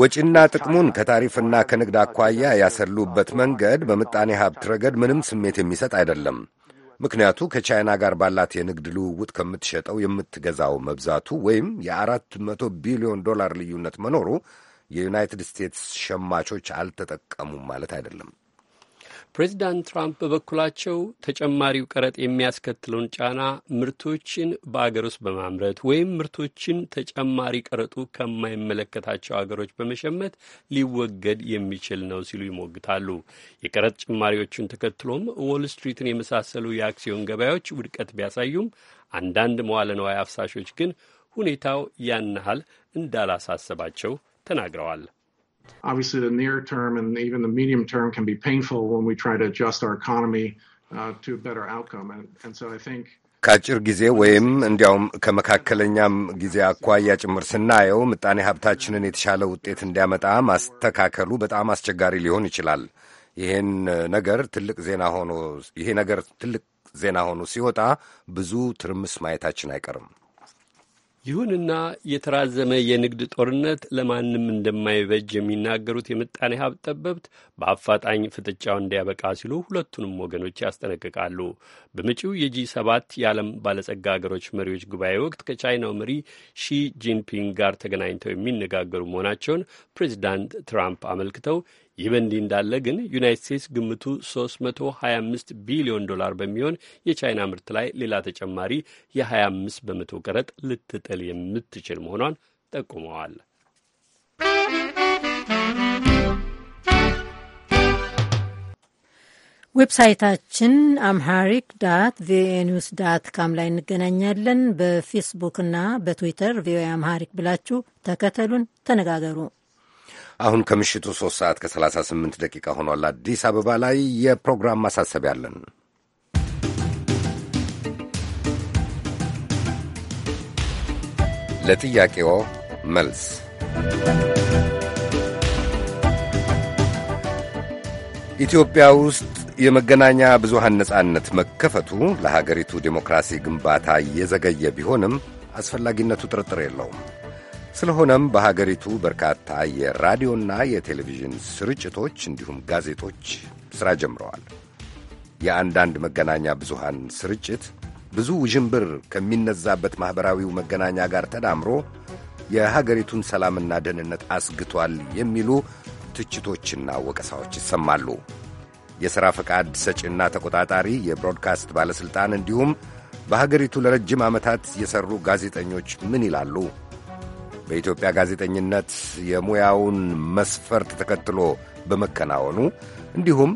ወጪና ጥቅሙን ከታሪፍና ከንግድ አኳያ ያሰሉበት መንገድ በምጣኔ ሀብት ረገድ ምንም ስሜት የሚሰጥ አይደለም። ምክንያቱ ከቻይና ጋር ባላት የንግድ ልውውጥ ከምትሸጠው የምትገዛው መብዛቱ ወይም የአራት መቶ ቢሊዮን ዶላር ልዩነት መኖሩ የዩናይትድ ስቴትስ ሸማቾች አልተጠቀሙም ማለት አይደለም። ፕሬዚዳንት ትራምፕ በበኩላቸው ተጨማሪው ቀረጥ የሚያስከትለውን ጫና ምርቶችን በአገር ውስጥ በማምረት ወይም ምርቶችን ተጨማሪ ቀረጡ ከማይመለከታቸው አገሮች በመሸመት ሊወገድ የሚችል ነው ሲሉ ይሞግታሉ። የቀረጥ ጭማሪዎቹን ተከትሎም ዎል ስትሪትን የመሳሰሉ የአክሲዮን ገበያዎች ውድቀት ቢያሳዩም አንዳንድ መዋለ ንዋይ አፍሳሾች ግን ሁኔታው ያን ያህል እንዳላሳሰባቸው ተናግረዋል። Obviously, the near term and even the medium term can be painful when we try to adjust our economy uh, to a better outcome. And, and so I think ከአጭር ጊዜ ወይም እንዲያውም ከመካከለኛም ጊዜ አኳያ ጭምር ስናየው ምጣኔ ሀብታችንን የተሻለ ውጤት እንዲያመጣ ማስተካከሉ በጣም አስቸጋሪ ሊሆን ይችላል። ይሄን ነገር ትልቅ ዜና ሆኖ ይሄ ነገር ትልቅ ዜና ሆኖ ሲወጣ ብዙ ትርምስ ማየታችን አይቀርም። ይሁንና የተራዘመ የንግድ ጦርነት ለማንም እንደማይበጅ የሚናገሩት የምጣኔ ሀብት ጠበብት በአፋጣኝ ፍጥጫው እንዲያበቃ ሲሉ ሁለቱንም ወገኖች ያስጠነቅቃሉ። በመጪው የጂ ሰባት የዓለም ባለጸጋ አገሮች መሪዎች ጉባኤ ወቅት ከቻይናው መሪ ሺ ጂንፒንግ ጋር ተገናኝተው የሚነጋገሩ መሆናቸውን ፕሬዚዳንት ትራምፕ አመልክተው ይህ በእንዲህ እንዳለ ግን ዩናይት ስቴትስ ግምቱ 325 ቢሊዮን ዶላር በሚሆን የቻይና ምርት ላይ ሌላ ተጨማሪ የ25 በመቶ ቀረጥ ልትጥል የምትችል መሆኗን ጠቁመዋል። ዌብሳይታችን አምሃሪክ ዳት ቪኦኤ ኒውስ ዳት ካም ላይ እንገናኛለን። በፌስቡክና በትዊተር ቪኦኤ አምሃሪክ ብላችሁ ተከተሉን፣ ተነጋገሩ። አሁን ከምሽቱ 3 ሰዓት ከ38 ደቂቃ ሆኗል። አዲስ አበባ ላይ የፕሮግራም ማሳሰቢያ አለን። ለጥያቄዎ መልስ ኢትዮጵያ ውስጥ የመገናኛ ብዙሃን ነጻነት መከፈቱ ለሀገሪቱ ዴሞክራሲ ግንባታ እየዘገየ ቢሆንም አስፈላጊነቱ ጥርጥር የለውም። ስለሆነም በሀገሪቱ በርካታ የራዲዮና የቴሌቪዥን ስርጭቶች እንዲሁም ጋዜጦች ሥራ ጀምረዋል። የአንዳንድ መገናኛ ብዙሃን ስርጭት ብዙ ውዥንብር ከሚነዛበት ማኅበራዊው መገናኛ ጋር ተዳምሮ የሀገሪቱን ሰላምና ደህንነት አስግቷል የሚሉ ትችቶችና ወቀሳዎች ይሰማሉ። የሥራ ፈቃድ ሰጪና ተቆጣጣሪ የብሮድካስት ባለሥልጣን እንዲሁም በሀገሪቱ ለረጅም ዓመታት የሠሩ ጋዜጠኞች ምን ይላሉ? በኢትዮጵያ ጋዜጠኝነት የሙያውን መስፈርት ተከትሎ በመከናወኑ እንዲሁም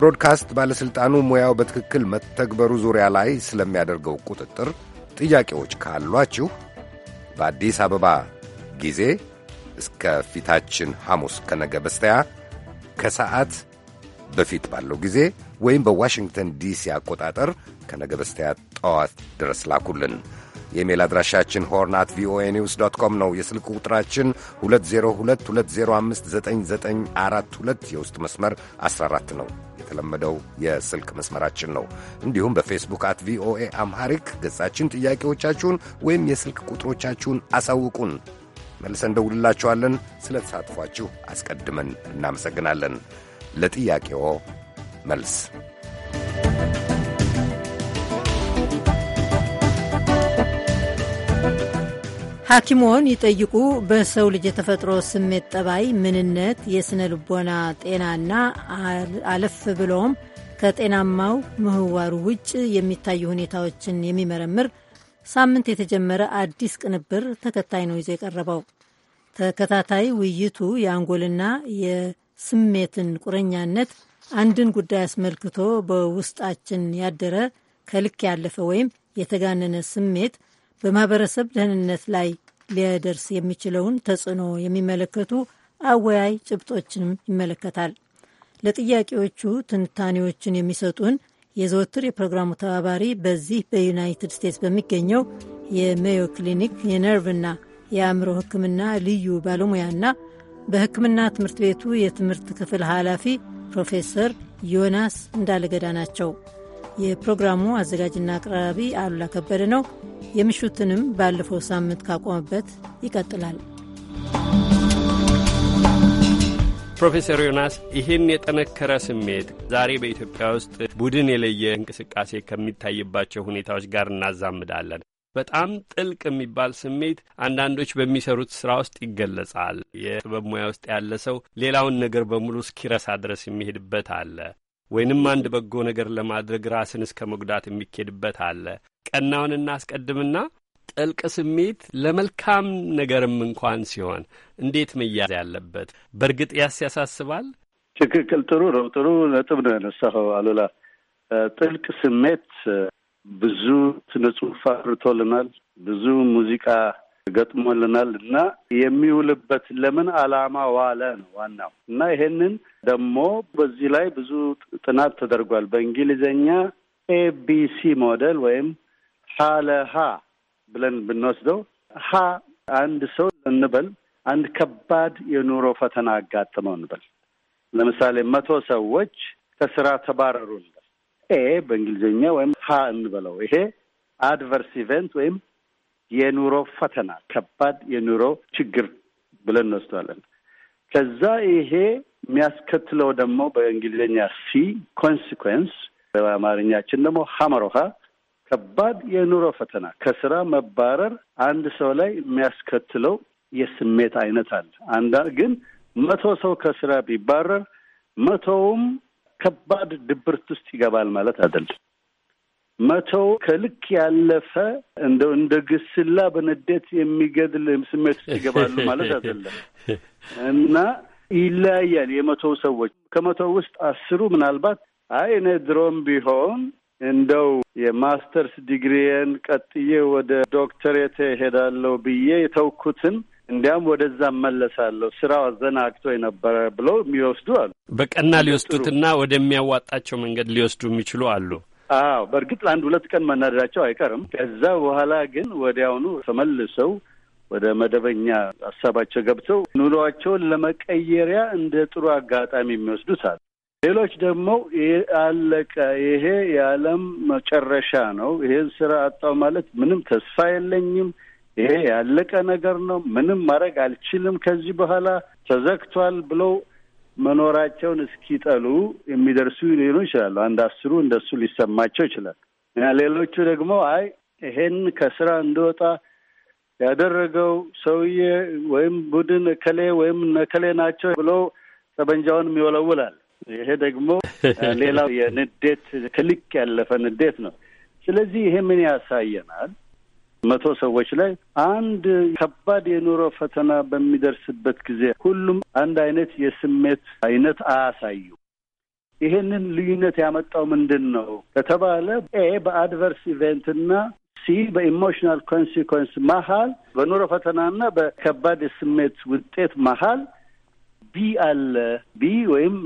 ብሮድካስት ባለሥልጣኑ ሙያው በትክክል መተግበሩ ዙሪያ ላይ ስለሚያደርገው ቁጥጥር ጥያቄዎች ካሏችሁ በአዲስ አበባ ጊዜ እስከ ፊታችን ሐሙስ ከነገ በስተያ ከሰዓት በፊት ባለው ጊዜ ወይም በዋሽንግተን ዲሲ አቆጣጠር ከነገ በስተያ ጠዋት ድረስ ላኩልን። የሜል አድራሻችን ሆርን አት ቪኦኤ ኒውስ ዶት ኮም ነው። የስልክ ቁጥራችን 2022059942 የውስጥ መስመር 14 ነው። የተለመደው የስልክ መስመራችን ነው። እንዲሁም በፌስቡክ አት ቪኦኤ አምሃሪክ ገጻችን ጥያቄዎቻችሁን ወይም የስልክ ቁጥሮቻችሁን አሳውቁን፣ መልሰን እንደውልላችኋለን። ስለ ተሳትፏችሁ አስቀድመን እናመሰግናለን። ለጥያቄዎ መልስ ሐኪሞን ይጠይቁ በሰው ልጅ የተፈጥሮ ስሜት ጠባይ ምንነት፣ የሥነ ልቦና ጤናና አለፍ ብሎም ከጤናማው ምህዋሩ ውጭ የሚታዩ ሁኔታዎችን የሚመረምር ሳምንት የተጀመረ አዲስ ቅንብር ተከታይ ነው ይዞ የቀረበው። ተከታታይ ውይይቱ የአንጎልና የስሜትን ቁረኛነት አንድን ጉዳይ አስመልክቶ በውስጣችን ያደረ ከልክ ያለፈ ወይም የተጋነነ ስሜት በማህበረሰብ ደህንነት ላይ ሊያደርስ የሚችለውን ተጽዕኖ የሚመለከቱ አወያይ ጭብጦችንም ይመለከታል። ለጥያቄዎቹ ትንታኔዎችን የሚሰጡን የዘወትር የፕሮግራሙ ተባባሪ በዚህ በዩናይትድ ስቴትስ በሚገኘው የሜዮ ክሊኒክ የነርቭና የአእምሮ ሕክምና ልዩ ባለሙያና በሕክምና ትምህርት ቤቱ የትምህርት ክፍል ኃላፊ ፕሮፌሰር ዮናስ እንዳለገዳ ናቸው። የፕሮግራሙ አዘጋጅና አቅራቢ አሉላ ከበደ ነው። የምሽቱንም ባለፈው ሳምንት ካቆመበት ይቀጥላል። ፕሮፌሰር ዮናስ ይህን የጠነከረ ስሜት ዛሬ በኢትዮጵያ ውስጥ ቡድን የለየ እንቅስቃሴ ከሚታይባቸው ሁኔታዎች ጋር እናዛምዳለን። በጣም ጥልቅ የሚባል ስሜት አንዳንዶች በሚሰሩት ስራ ውስጥ ይገለጻል። የጥበብ ሙያ ውስጥ ያለ ሰው ሌላውን ነገር በሙሉ እስኪረሳ ድረስ የሚሄድበት አለ፣ ወይንም አንድ በጎ ነገር ለማድረግ ራስን እስከ መጉዳት የሚኬድበት አለ። ቀናውን እናስቀድምና ጥልቅ ስሜት ለመልካም ነገርም እንኳን ሲሆን እንዴት መያዝ ያለበት በእርግጥ ያስ ያሳስባል። ትክክል። ጥሩ ነው። ጥሩ ነጥብ ነው ያነሳኸው አሉላ። ጥልቅ ስሜት ብዙ ስነ ጽሁፍ አፍርቶልናል፣ ብዙ ሙዚቃ ገጥሞልናል እና የሚውልበት ለምን አላማ ዋለ ነው ዋናው እና ይሄንን ደግሞ በዚህ ላይ ብዙ ጥናት ተደርጓል። በእንግሊዝኛ ኤቢሲ ሞዴል ወይም ሀለሀ ብለን ብንወስደው ሀ አንድ ሰው እንበል አንድ ከባድ የኑሮ ፈተና አጋጥመው እንበል ለምሳሌ መቶ ሰዎች ከስራ ተባረሩ እንበል። ኤ በእንግሊዝኛ ወይም ሀ እንበለው። ይሄ አድቨርስ ኢቨንት ወይም የኑሮ ፈተና ከባድ የኑሮ ችግር ብለን እንወስደዋለን። ከዛ ይሄ የሚያስከትለው ደግሞ በእንግሊዝኛ ሲ ኮንሲኩዌንስ በአማርኛችን ደግሞ ሀመሮሃ ከባድ የኑሮ ፈተና ከስራ መባረር አንድ ሰው ላይ የሚያስከትለው የስሜት አይነት አለ። አንዳ ግን መቶ ሰው ከስራ ቢባረር መቶውም ከባድ ድብርት ውስጥ ይገባል ማለት አይደለም። መቶው ከልክ ያለፈ እንደ እንደ ግስላ በንዴት የሚገድል ስሜት ውስጥ ይገባሉ ማለት አይደለም እና ይለያያል። የመቶው ሰዎች ከመቶው ውስጥ አስሩ ምናልባት አይ እኔ ድሮም ቢሆን እንደው የማስተርስ ዲግሪዬን ቀጥዬ ወደ ዶክተሬት ሄዳለሁ ብዬ የተውኩትን እንዲያም ወደዛ መለሳለሁ ስራው አዘናግቶ የነበረ ብለው የሚወስዱ አሉ። በቀና ሊወስዱትና ወደሚያዋጣቸው መንገድ ሊወስዱ የሚችሉ አሉ። አዎ በእርግጥ ለአንድ ሁለት ቀን መናደዳቸው አይቀርም። ከዛ በኋላ ግን ወዲያውኑ ተመልሰው ወደ መደበኛ ሀሳባቸው ገብተው ኑሯቸውን ለመቀየሪያ እንደ ጥሩ አጋጣሚ የሚወስዱት አሉ። ሌሎች ደግሞ አለቀ፣ ይሄ የዓለም መጨረሻ ነው፣ ይሄን ስራ አጣው ማለት ምንም ተስፋ የለኝም፣ ይሄ ያለቀ ነገር ነው፣ ምንም ማድረግ አልችልም፣ ከዚህ በኋላ ተዘግቷል ብለው መኖራቸውን እስኪጠሉ የሚደርሱ ሊሆኑ ይችላሉ። አንድ አስሩ እንደሱ ሊሰማቸው ይችላል። እና ሌሎቹ ደግሞ አይ ይሄን ከስራ እንደወጣ ያደረገው ሰውዬ ወይም ቡድን እከሌ ወይም ነከሌ ናቸው ብለው ጠበንጃውን የሚወለውላል። ይሄ ደግሞ [laughs] ሌላው የንዴት ከልክ ያለፈ ንዴት ነው። ስለዚህ ይሄ ምን ያሳየናል? መቶ ሰዎች ላይ አንድ ከባድ የኑሮ ፈተና በሚደርስበት ጊዜ ሁሉም አንድ አይነት የስሜት አይነት አያሳዩ። ይሄንን ልዩነት ያመጣው ምንድን ነው ከተባለ ኤ በአድቨርስ ኢቨንትና ሲ በኢሞሽናል ኮንሲኮንስ መሀል በኑሮ ፈተናና በከባድ የስሜት ውጤት መሀል ቢ አለ። ቢ ወይም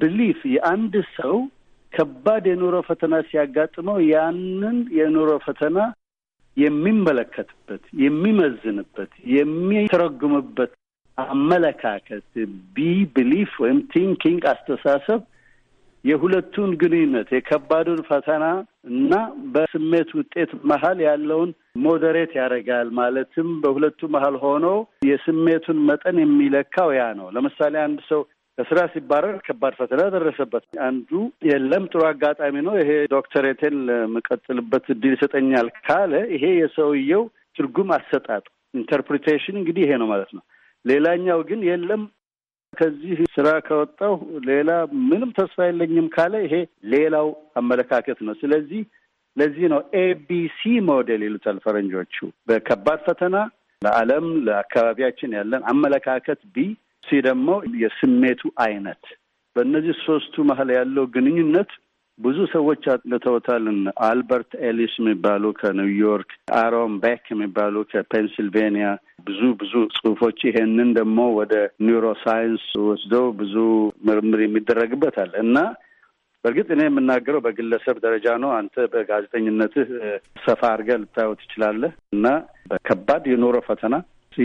ብሊፍ የአንድ ሰው ከባድ የኑሮ ፈተና ሲያጋጥመው ያንን የኑሮ ፈተና የሚመለከትበት፣ የሚመዝንበት፣ የሚተረጉምበት አመለካከት ቢ ብሊፍ ወይም ቲንኪንግ አስተሳሰብ የሁለቱን ግንኙነት የከባዱን ፈተና እና በስሜት ውጤት መሀል ያለውን ሞደሬት ያደርጋል። ማለትም በሁለቱ መሀል ሆኖ የስሜቱን መጠን የሚለካው ያ ነው። ለምሳሌ አንድ ሰው ከስራ ሲባረር ከባድ ፈተና ደረሰበት። አንዱ የለም ጥሩ አጋጣሚ ነው ይሄ ዶክተሬቴን ለመቀጥልበት እድል ይሰጠኛል ካለ ይሄ የሰውየው ትርጉም አሰጣጡ ኢንተርፕሪቴሽን እንግዲህ ይሄ ነው ማለት ነው። ሌላኛው ግን የለም ከዚህ ስራ ከወጣሁ ሌላ ምንም ተስፋ የለኝም ካለ ይሄ ሌላው አመለካከት ነው። ስለዚህ ለዚህ ነው ኤቢሲ ሞዴል ይሉታል ፈረንጆቹ። በከባድ ፈተና ለዓለም ለአካባቢያችን ያለን አመለካከት ቢ፣ ሲ ደግሞ የስሜቱ አይነት። በእነዚህ ሶስቱ መሀል ያለው ግንኙነት ብዙ ሰዎች አጥንተውታል። አልበርት ኤሊስ የሚባሉ ከኒውዮርክ፣ አሮን ቤክ የሚባሉ ከፔንሲልቬኒያ ብዙ ብዙ ጽሁፎች ይሄንን ደግሞ ወደ ኒውሮሳይንስ ወስደው ብዙ ምርምር የሚደረግበት አለ እና በእርግጥ እኔ የምናገረው በግለሰብ ደረጃ ነው። አንተ በጋዜጠኝነትህ ሰፋ አድርገህ ልታየው ትችላለህ። እና በከባድ የኖረ ፈተና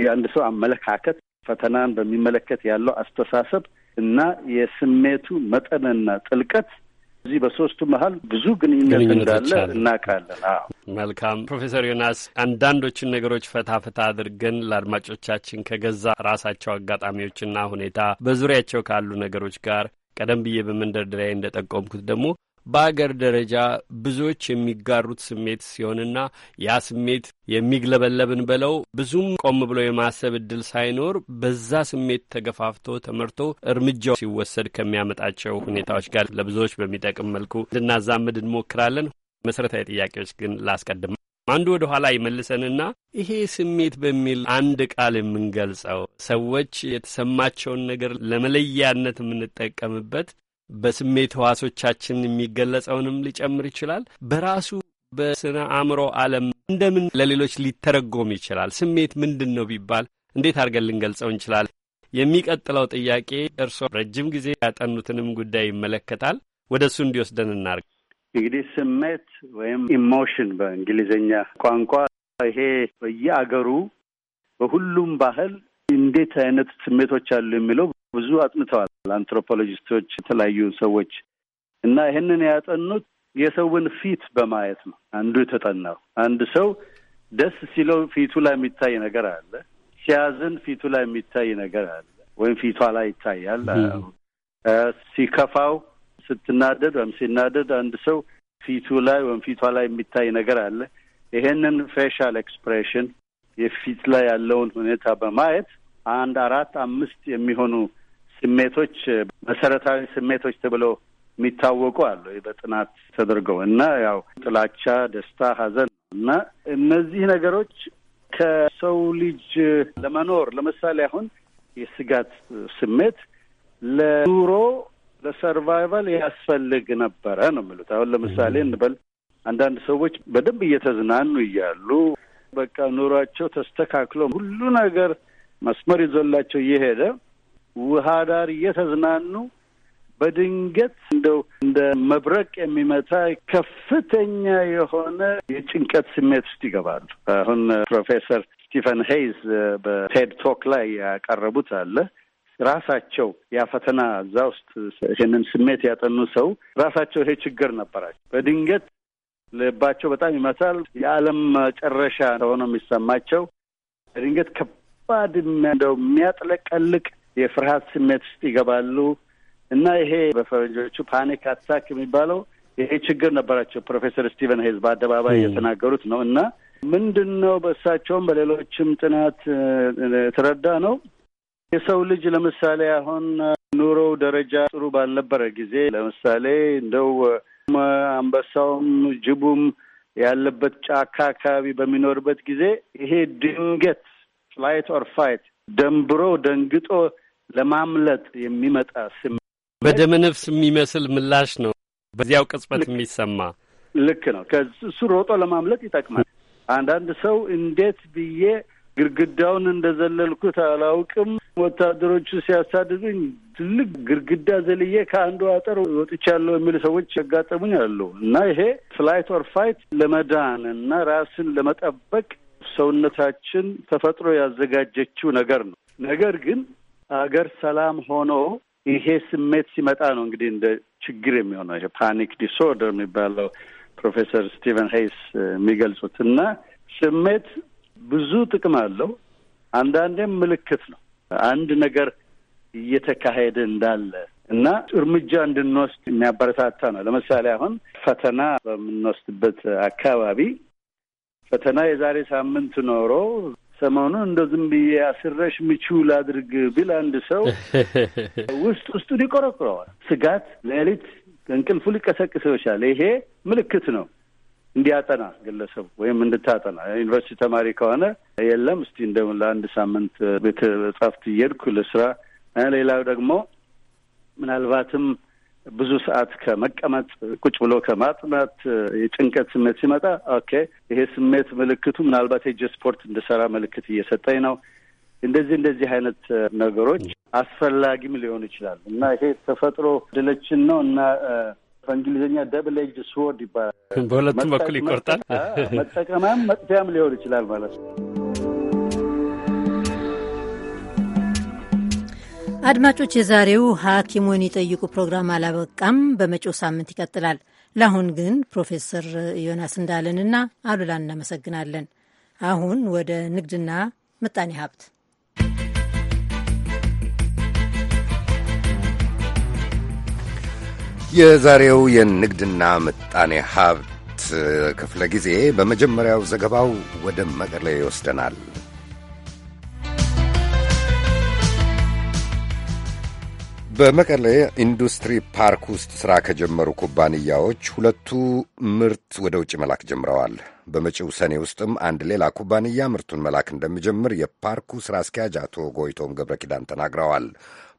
የአንድ ሰው አመለካከት ፈተናን በሚመለከት ያለው አስተሳሰብ እና የስሜቱ መጠንና ጥልቀት እዚህ በሶስቱ መሀል ብዙ ግንኙነት እንዳለ እናውቃለን። መልካም ፕሮፌሰር ዮናስ አንዳንዶችን ነገሮች ፈታ ፈታ አድርገን ለአድማጮቻችን ከገዛ ራሳቸው አጋጣሚዎችና ሁኔታ በዙሪያቸው ካሉ ነገሮች ጋር ቀደም ብዬ በመንደርደሪያ እንደጠቆምኩት ደግሞ በአገር ደረጃ ብዙዎች የሚጋሩት ስሜት ሲሆንና ያ ስሜት የሚግለበለብን በለው ብዙም ቆም ብሎ የማሰብ እድል ሳይኖር በዛ ስሜት ተገፋፍቶ ተመርቶ እርምጃው ሲወሰድ ከሚያመጣቸው ሁኔታዎች ጋር ለብዙዎች በሚጠቅም መልኩ ልናዛምድ እንሞክራለን። መሰረታዊ ጥያቄዎች ግን ላስቀድም። አንዱ ወደ ኋላ ይመልሰንና ይሄ ስሜት በሚል አንድ ቃል የምንገልጸው ሰዎች የተሰማቸውን ነገር ለመለያነት የምንጠቀምበት በስሜት ህዋሶቻችን የሚገለጸውንም ሊጨምር ይችላል። በራሱ በስነ አእምሮ ዓለም እንደምን ለሌሎች ሊተረጎም ይችላል? ስሜት ምንድን ነው ቢባል እንዴት አድርገን ልንገልጸው እንችላል? የሚቀጥለው ጥያቄ እርስዎ ረጅም ጊዜ ያጠኑትንም ጉዳይ ይመለከታል። ወደ እሱ እንዲወስደን እናርግ። እንግዲህ ስሜት ወይም ኢሞሽን በእንግሊዝኛ ቋንቋ ይሄ በየአገሩ በሁሉም ባህል እንዴት አይነት ስሜቶች አሉ የሚለው ብዙ አጥንተዋል አንትሮፖሎጂስቶች፣ የተለያዩ ሰዎች እና ይህንን ያጠኑት የሰውን ፊት በማየት ነው። አንዱ የተጠናው አንድ ሰው ደስ ሲለው ፊቱ ላይ የሚታይ ነገር አለ፣ ሲያዝን ፊቱ ላይ የሚታይ ነገር አለ፣ ወይም ፊቷ ላይ ይታያል። ሲከፋው ስትናደድ ወይም ሲናደድ አንድ ሰው ፊቱ ላይ ወይም ፊቷ ላይ የሚታይ ነገር አለ። ይሄንን ፌሻል ኤክስፕሬሽን የፊት ላይ ያለውን ሁኔታ በማየት አንድ አራት አምስት የሚሆኑ ስሜቶች መሰረታዊ ስሜቶች ተብለው የሚታወቁ አሉ በጥናት ተደርገው እና ያው ጥላቻ፣ ደስታ፣ ሐዘን እና እነዚህ ነገሮች ከሰው ልጅ ለመኖር ለምሳሌ አሁን የስጋት ስሜት ለኑሮ ለሰርቫይቫል ያስፈልግ ነበረ ነው የሚሉት። አሁን ለምሳሌ እንበል አንዳንድ ሰዎች በደንብ እየተዝናኑ እያሉ በቃ ኑሯቸው ተስተካክሎ ሁሉ ነገር መስመር ይዞላቸው እየሄደ ውሃ ዳር እየተዝናኑ በድንገት እንደው እንደ መብረቅ የሚመታ ከፍተኛ የሆነ የጭንቀት ስሜት ውስጥ ይገባሉ። አሁን ፕሮፌሰር ስቲፈን ሄይዝ በቴድ ቶክ ላይ ያቀረቡት አለ ራሳቸው ያ ፈተና እዛ ውስጥ ይሄንን ስሜት ያጠኑ ሰው ራሳቸው ይሄ ችግር ነበራቸው። በድንገት ልባቸው በጣም ይመታል። የዓለም መጨረሻ ሆኖ የሚሰማቸው በድንገት ከባድ እንደው የሚያጥለቀልቅ የፍርሃት ስሜት ውስጥ ይገባሉ እና ይሄ በፈረንጆቹ ፓኒክ አታክ የሚባለው ይሄ ችግር ነበራቸው። ፕሮፌሰር ስቲቨን ሄይዝ በአደባባይ የተናገሩት ነው እና ምንድን ነው በእሳቸውም በሌሎችም ጥናት የተረዳ ነው የሰው ልጅ ለምሳሌ አሁን ኑሮው ደረጃ ጥሩ ባልነበረ ጊዜ ለምሳሌ እንደው አንበሳውም ጅቡም ያለበት ጫካ አካባቢ በሚኖርበት ጊዜ ይሄ ድንገት ፍላይት ኦር ፋይት ደንብሮ ደንግጦ ለማምለጥ የሚመጣ ስም በደመነፍስ የሚመስል ምላሽ ነው። በዚያው ቅጽበት የሚሰማ ልክ ነው። ከእሱ ሮጦ ለማምለጥ ይጠቅማል። አንዳንድ ሰው እንዴት ብዬ ግድግዳውን እንደዘለልኩት አላውቅም ወታደሮቹ ሲያሳድዱኝ ትልቅ ግርግዳ ዘልዬ ከአንዱ አጠር ወጥቻለሁ የሚል ሰዎች ያጋጠሙኝ አሉ እና ይሄ ፍላይት ኦር ፋይት ለመዳን እና ራስን ለመጠበቅ ሰውነታችን ተፈጥሮ ያዘጋጀችው ነገር ነው። ነገር ግን አገር ሰላም ሆኖ ይሄ ስሜት ሲመጣ ነው እንግዲህ እንደ ችግር የሚሆነው ይሄ ፓኒክ ዲስኦርደር የሚባለው ፕሮፌሰር ስቲቨን ሄይስ የሚገልጹት እና ስሜት ብዙ ጥቅም አለው። አንዳንዴም ምልክት ነው። አንድ ነገር እየተካሄደ እንዳለ እና እርምጃ እንድንወስድ የሚያበረታታ ነው። ለምሳሌ አሁን ፈተና በምንወስድበት አካባቢ ፈተና የዛሬ ሳምንት ኖሮ ሰሞኑን እንደ ዝም ብዬ አስረሽ ምቹ ላድርግ ቢል አንድ ሰው [laughs] ውስጥ ውስጡን ይቆረቁረዋል። ስጋት ሌሊት እንቅልፉ ሊቀሰቅሰው ይችላል። ይሄ ምልክት ነው። እንዲያጠና ግለሰብ ወይም እንድታጠና ዩኒቨርሲቲ ተማሪ ከሆነ የለም እስቲ እንደውም ለአንድ ሳምንት ቤተ መጻሕፍት እየሄድኩ ለስራ፣ ሌላው ደግሞ ምናልባትም ብዙ ሰዓት ከመቀመጥ ቁጭ ብሎ ከማጥናት የጭንቀት ስሜት ሲመጣ ኦኬ፣ ይሄ ስሜት ምልክቱ ምናልባት የእጅ ስፖርት እንድሰራ ምልክት እየሰጠኝ ነው። እንደዚህ እንደዚህ አይነት ነገሮች አስፈላጊም ሊሆኑ ይችላል እና ይሄ ተፈጥሮ ድለችን ነው እና በእንግሊዝኛ ደብል ኤጅ ስወርድ ይባላል። በሁለቱም በኩል ይቆርጣል። መጠቀሚያም መጥፊያም ሊሆን ይችላል ማለት ነው። አድማጮች፣ የዛሬው ሐኪሙን ይጠይቁ ፕሮግራም አላበቃም። በመጪው ሳምንት ይቀጥላል። ለአሁን ግን ፕሮፌሰር ዮናስ እንዳለንና አሉላን እናመሰግናለን። አሁን ወደ ንግድና ምጣኔ ሀብት የዛሬው የንግድና ምጣኔ ሀብት ክፍለ ጊዜ በመጀመሪያው ዘገባው ወደ መቀሌ ይወስደናል። በመቀሌ ኢንዱስትሪ ፓርክ ውስጥ ሥራ ከጀመሩ ኩባንያዎች ሁለቱ ምርት ወደ ውጭ መላክ ጀምረዋል። በመጪው ሰኔ ውስጥም አንድ ሌላ ኩባንያ ምርቱን መላክ እንደሚጀምር የፓርኩ ሥራ አስኪያጅ አቶ ጎይቶም ገብረ ኪዳን ተናግረዋል።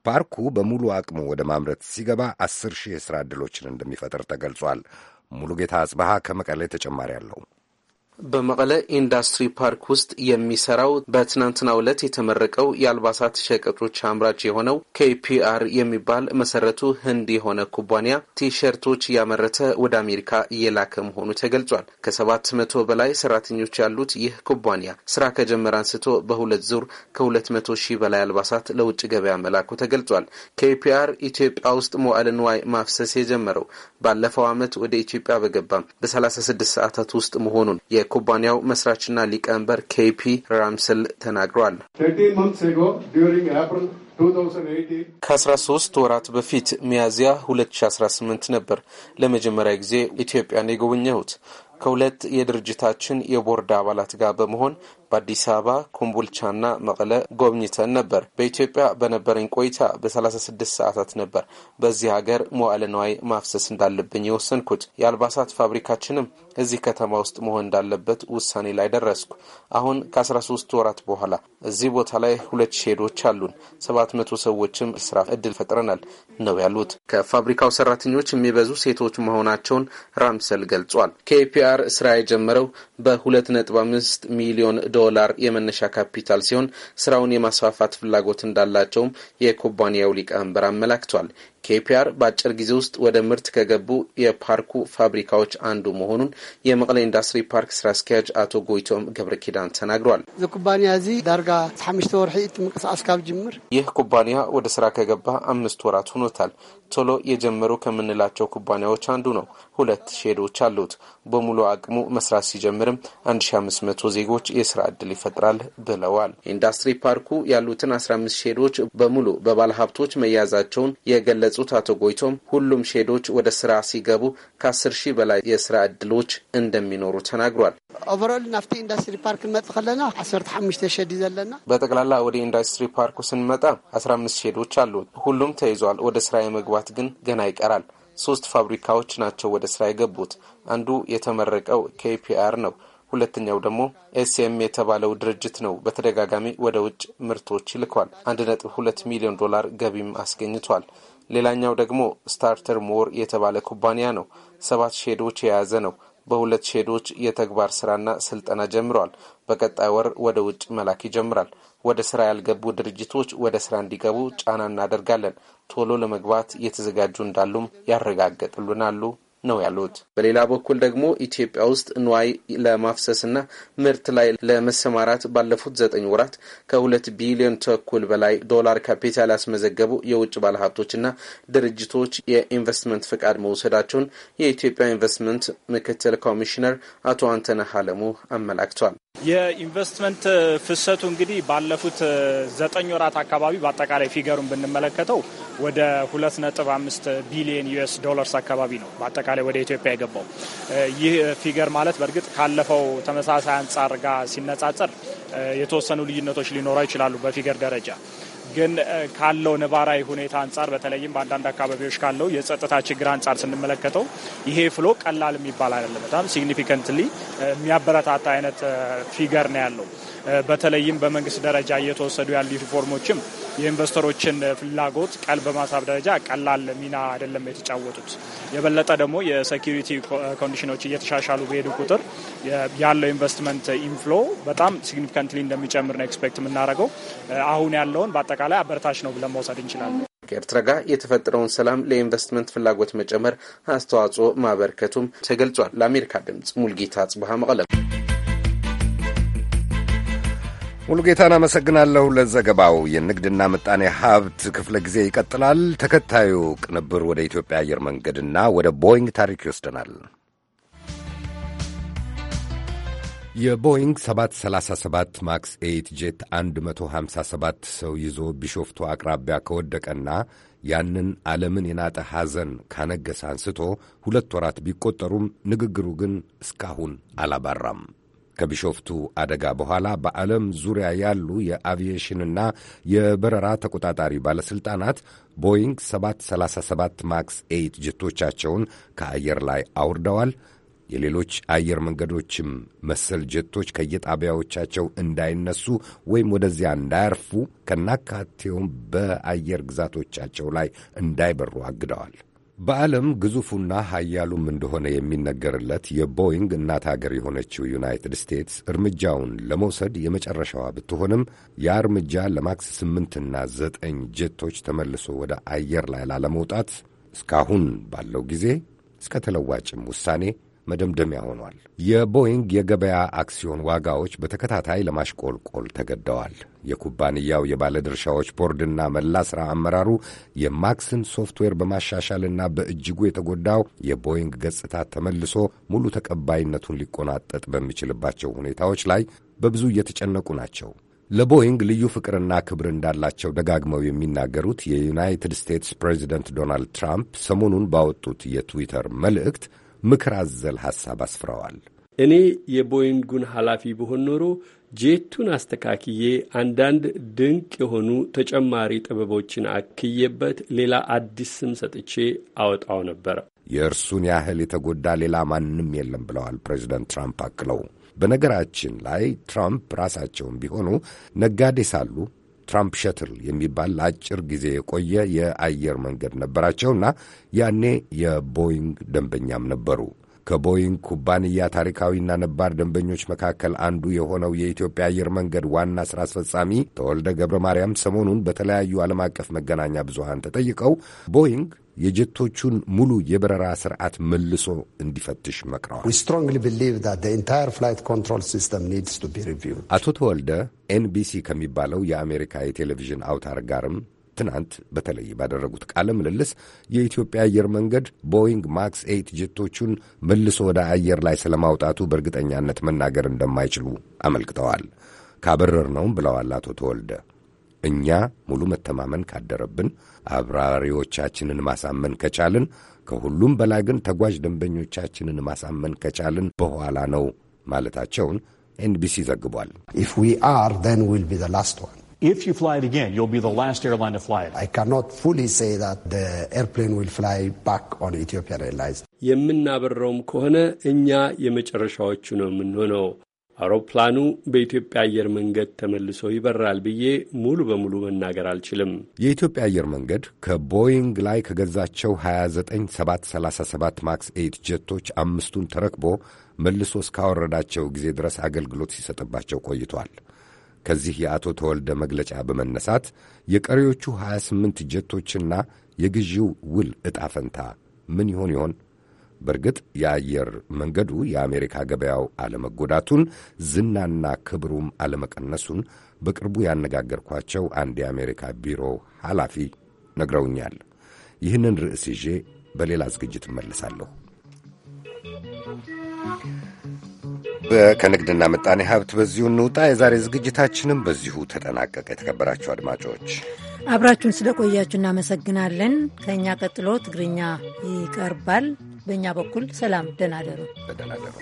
ፓርኩ በሙሉ አቅሙ ወደ ማምረት ሲገባ አስር ሺህ የሥራ ዕድሎችን እንደሚፈጥር ተገልጿል። ሙሉጌታ አጽበሃ ከመቀሌ ተጨማሪ አለው። በመቀለ ኢንዱስትሪ ፓርክ ውስጥ የሚሰራው በትናንትናው ዕለት የተመረቀው የአልባሳት ሸቀጦች አምራች የሆነው ኬፒአር የሚባል መሰረቱ ህንድ የሆነ ኩባንያ ቲሸርቶች ያመረተ ወደ አሜሪካ እየላከ መሆኑ ተገልጿል። ከሰባት መቶ በላይ ሰራተኞች ያሉት ይህ ኩባንያ ስራ ከጀመረ አንስቶ በሁለት ዙር ከሁለት መቶ ሺህ በላይ አልባሳት ለውጭ ገበያ መላኩ ተገልጿል። ኬፒአር ኢትዮጵያ ውስጥ መዋዕለ ንዋይ ማፍሰስ የጀመረው ባለፈው ዓመት ወደ ኢትዮጵያ በገባም በሰላሳ ስድስት ሰዓታት ውስጥ መሆኑን የኩባንያው መስራችና ሊቀመንበር ኬፒ ራምስል ተናግሯል። ከ13 ወራት በፊት ሚያዝያ 2018 ነበር ለመጀመሪያ ጊዜ ኢትዮጵያን የጎበኘሁት። ከሁለት የድርጅታችን የቦርድ አባላት ጋር በመሆን በአዲስ አበባ ኮምቦልቻና መቀለ ጎብኝተን ነበር። በኢትዮጵያ በነበረኝ ቆይታ በሰላሳ ስድስት ሰዓታት ነበር በዚህ ሀገር መዋለ ነዋይ ማፍሰስ እንዳለብኝ የወሰንኩት። የአልባሳት ፋብሪካችንም እዚህ ከተማ ውስጥ መሆን እንዳለበት ውሳኔ ላይ ደረስኩ። አሁን ከ13 ወራት በኋላ እዚህ ቦታ ላይ ሁለት ሼዶች አሉን። 700 ሰዎችም ስራ እድል ፈጥረናል ነው ያሉት። ከፋብሪካው ሰራተኞች የሚበዙ ሴቶች መሆናቸውን ራምሰል ገልጿል። ከኤፒአር ስራ የጀመረው በ 25 ሚሊዮን ዶ ዶላር የመነሻ ካፒታል ሲሆን ስራውን የማስፋፋት ፍላጎት እንዳላቸውም የኩባንያው ሊቀመንበር አመላክቷል። ኬፒአር በአጭር ጊዜ ውስጥ ወደ ምርት ከገቡ የፓርኩ ፋብሪካዎች አንዱ መሆኑን የመቀለ ኢንዱስትሪ ፓርክ ስራ አስኪያጅ አቶ ጎይቶም ገብረ ኪዳን ተናግሯል። እዚ ኩባንያ እዚ ዳርጋ ሓሙሽተ ወርሒ እቲ ምንቅስቃስ ካብ ጅምር ይህ ኩባንያ ወደ ስራ ከገባ አምስት ወራት ሆኖታል። ቶሎ የጀመሩ ከምንላቸው ኩባንያዎች አንዱ ነው። ሁለት ሼዶች አሉት። በሙሉ አቅሙ መስራት ሲጀምርም 1500 ዜጎች የስራ ዕድል ይፈጥራል ብለዋል። ኢንዱስትሪ ፓርኩ ያሉትን 15 ሼዶች በሙሉ በባለሀብቶች መያዛቸውን የገለ የገለጹት አቶ ጎይቶም ሁሉም ሼዶች ወደ ስራ ሲገቡ ከአስር ሺህ በላይ የስራ እድሎች እንደሚኖሩ ተናግሯል። ኦቨሮል ናፍቲ ኢንዱስትሪ ፓርክ ንመጥ ከለና ዓሰርተ ሓሙሽተ ሸድ ዘለና በጠቅላላ ወደ ኢንዱስትሪ ፓርኩ ስንመጣ አስራ አምስት ሼዶች አሉ። ሁሉም ተይዟል። ወደ ስራ የመግባት ግን ገና ይቀራል። ሶስት ፋብሪካዎች ናቸው ወደ ስራ የገቡት። አንዱ የተመረቀው ኬፒአር ነው። ሁለተኛው ደግሞ ኤስኤም የተባለው ድርጅት ነው። በተደጋጋሚ ወደ ውጭ ምርቶች ይልኳል። አንድ ነጥብ ሁለት ሚሊዮን ዶላር ገቢም አስገኝቷል። ሌላኛው ደግሞ ስታርተር ሞር የተባለ ኩባንያ ነው። ሰባት ሼዶች የያዘ ነው። በሁለት ሼዶች የተግባር ስራና ስልጠና ጀምረዋል። በቀጣይ ወር ወደ ውጭ መላክ ይጀምራል። ወደ ስራ ያልገቡ ድርጅቶች ወደ ስራ እንዲገቡ ጫና እናደርጋለን። ቶሎ ለመግባት እየተዘጋጁ እንዳሉም ያረጋገጥልናሉ ነው ያሉት። በሌላ በኩል ደግሞ ኢትዮጵያ ውስጥ ንዋይ ለማፍሰስና ምርት ላይ ለመሰማራት ባለፉት ዘጠኝ ወራት ከሁለት ቢሊዮን ተኩል በላይ ዶላር ካፒታል ያስመዘገቡ የውጭ ባለሀብቶችና ድርጅቶች የኢንቨስትመንት ፍቃድ መውሰዳቸውን የኢትዮጵያ ኢንቨስትመንት ምክትል ኮሚሽነር አቶ አንተነህ አለሙ አመላክቷል። የኢንቨስትመንት ፍሰቱ እንግዲህ ባለፉት ዘጠኝ ወራት አካባቢ በአጠቃላይ ፊገሩን ብንመለከተው ወደ 2.5 ቢሊዮን ዩኤስ ዶላርስ አካባቢ ነው በአጠቃላይ ወደ ኢትዮጵያ የገባው። ይህ ፊገር ማለት በእርግጥ ካለፈው ተመሳሳይ አንጻር ጋር ሲነጻጸር የተወሰኑ ልዩነቶች ሊኖረው ይችላሉ በፊገር ደረጃ ግን ካለው ነባራዊ ሁኔታ አንጻር በተለይም በአንዳንድ አካባቢዎች ካለው የጸጥታ ችግር አንጻር ስንመለከተው ይሄ ፍሎ ቀላል የሚባል አይደለም። በጣም ሲግኒፊካንትሊ የሚያበረታታ አይነት ፊገር ነው ያለው። በተለይም በመንግስት ደረጃ እየተወሰዱ ያሉ ሪፎርሞችም የኢንቨስተሮችን ፍላጎት ቀል በማሳብ ደረጃ ቀላል ሚና አይደለም የተጫወቱት። የበለጠ ደግሞ የሴኪሪቲ ኮንዲሽኖች እየተሻሻሉ በሄዱ ቁጥር ያለው ኢንቨስትመንት ኢንፍሎ በጣም ሲግኒፊካንትሊ እንደሚጨምር ነው ኤክስፔክት የምናደርገው። አሁን ያለውን በአጠቃላይ አበረታች ነው ብለን መውሰድ እንችላለን። ከኤርትራ ጋር የተፈጠረውን ሰላም ለኢንቨስትመንት ፍላጎት መጨመር አስተዋጽኦ ማበርከቱም ተገልጿል። ለአሜሪካ ድምጽ ሙልጌታ ጽቡሃ መቀለም ሙሉጌታን አመሰግናለሁ ለዘገባው። የንግድና ምጣኔ ሀብት ክፍለ ጊዜ ይቀጥላል። ተከታዩ ቅንብር ወደ ኢትዮጵያ አየር መንገድና ወደ ቦይንግ ታሪክ ይወስደናል። የቦይንግ 737 ማክስ 8 ጄት 157 ሰው ይዞ ቢሾፍቱ አቅራቢያ ከወደቀና ያንን ዓለምን የናጠ ሐዘን ካነገሰ አንስቶ ሁለት ወራት ቢቆጠሩም ንግግሩ ግን እስካሁን አላባራም። ከቢሾፍቱ አደጋ በኋላ በዓለም ዙሪያ ያሉ የአቪዬሽንና የበረራ ተቆጣጣሪ ባለሥልጣናት ቦይንግ 737 ማክስ 8 ጀቶቻቸውን ከአየር ላይ አውርደዋል። የሌሎች አየር መንገዶችም መሰል ጀቶች ከየጣቢያዎቻቸው እንዳይነሱ ወይም ወደዚያ እንዳያርፉ ከናካቴውም በአየር ግዛቶቻቸው ላይ እንዳይበሩ አግደዋል። በዓለም ግዙፉና ሀያሉም እንደሆነ የሚነገርለት የቦይንግ እናት አገር የሆነችው ዩናይትድ ስቴትስ እርምጃውን ለመውሰድ የመጨረሻዋ ብትሆንም ያ እርምጃ ለማክስ ስምንትና ዘጠኝ ጀቶች ተመልሶ ወደ አየር ላይ ላለመውጣት እስካሁን ባለው ጊዜ እስከ ተለዋጭም ውሳኔ መደምደሚያ ሆኗል። የቦይንግ የገበያ አክሲዮን ዋጋዎች በተከታታይ ለማሽቆልቆል ተገደዋል። የኩባንያው የባለድርሻዎች ቦርድና መላ ሥራ አመራሩ የማክስን ሶፍትዌር በማሻሻልና በእጅጉ የተጎዳው የቦይንግ ገጽታ ተመልሶ ሙሉ ተቀባይነቱን ሊቆናጠጥ በሚችልባቸው ሁኔታዎች ላይ በብዙ እየተጨነቁ ናቸው። ለቦይንግ ልዩ ፍቅርና ክብር እንዳላቸው ደጋግመው የሚናገሩት የዩናይትድ ስቴትስ ፕሬዚደንት ዶናልድ ትራምፕ ሰሞኑን ባወጡት የትዊተር መልእክት ምክር አዘል ሐሳብ አስፍረዋል። እኔ የቦይንጉን ኃላፊ ብሆን ኖሮ ጄቱን አስተካክዬ አንዳንድ ድንቅ የሆኑ ተጨማሪ ጥበቦችን አክዬበት ሌላ አዲስ ስም ሰጥቼ አወጣው ነበር። የእርሱን ያህል የተጎዳ ሌላ ማንም የለም ብለዋል ፕሬዚደንት ትራምፕ አክለው። በነገራችን ላይ ትራምፕ ራሳቸውን ቢሆኑ ነጋዴ ሳሉ ትራምፕ ሸትል የሚባል ለአጭር ጊዜ የቆየ የአየር መንገድ ነበራቸውና ያኔ የቦይንግ ደንበኛም ነበሩ። ከቦይንግ ኩባንያ ታሪካዊና ነባር ደንበኞች መካከል አንዱ የሆነው የኢትዮጵያ አየር መንገድ ዋና ሥራ አስፈጻሚ ተወልደ ገብረ ማርያም ሰሞኑን በተለያዩ ዓለም አቀፍ መገናኛ ብዙሃን ተጠይቀው ቦይንግ የጀቶቹን ሙሉ የበረራ ስርዓት መልሶ እንዲፈትሽ መክረዋል። አቶ ተወልደ ኤንቢሲ ከሚባለው የአሜሪካ የቴሌቪዥን አውታር ጋርም ትናንት በተለይ ባደረጉት ቃለ ምልልስ የኢትዮጵያ አየር መንገድ ቦይንግ ማክስ ኤይት ጀቶቹን መልሶ ወደ አየር ላይ ስለማውጣቱ በእርግጠኛነት መናገር እንደማይችሉ አመልክተዋል። ካበረር ነውም ብለዋል አቶ ተወልደ እኛ ሙሉ መተማመን ካደረብን፣ አብራሪዎቻችንን ማሳመን ከቻልን፣ ከሁሉም በላይ ግን ተጓዥ ደንበኞቻችንን ማሳመን ከቻልን በኋላ ነው ማለታቸውን ኤንቢሲ ዘግቧል። ኢፍ ዊ አር ዘን ዊል ቢ ዘ ላስት ዋን If you fly it again, you'll be the last airline to fly it. I cannot fully say that the airplane will fly back on Ethiopian Airlines. የምናበረውም ከሆነ እኛ የመጨረሻዎቹ ነው የምንሆነው። አውሮፕላኑ በኢትዮጵያ አየር መንገድ ተመልሶ ይበራል ብዬ ሙሉ በሙሉ መናገር አልችልም። የኢትዮጵያ አየር መንገድ ከቦይንግ ላይ ከገዛቸው 29737 ማክስ ኤይት ጀቶች አምስቱን ተረክቦ መልሶ እስካወረዳቸው ጊዜ ድረስ አገልግሎት ሲሰጥባቸው ቆይቷል። ከዚህ የአቶ ተወልደ መግለጫ በመነሳት የቀሪዎቹ 28 ጀቶችና የግዢው ውል ዕጣ ፈንታ ምን ይሆን ይሆን? በእርግጥ የአየር መንገዱ የአሜሪካ ገበያው አለመጎዳቱን ዝናና ክብሩም አለመቀነሱን በቅርቡ ያነጋገርኳቸው አንድ የአሜሪካ ቢሮ ኃላፊ ነግረውኛል። ይህንን ርዕስ ይዤ በሌላ ዝግጅት እመለሳለሁ። ከንግድና ምጣኔ ሀብት በዚሁ እንውጣ። የዛሬ ዝግጅታችንም በዚሁ ተጠናቀቀ። የተከበራችሁ አድማጮች አብራችሁን ስለቆያችሁ እናመሰግናለን። ከእኛ ቀጥሎ ትግርኛ ይቀርባል። በእኛ በኩል ሰላም፣ ደህና ደሩ። ደህና ደሩ።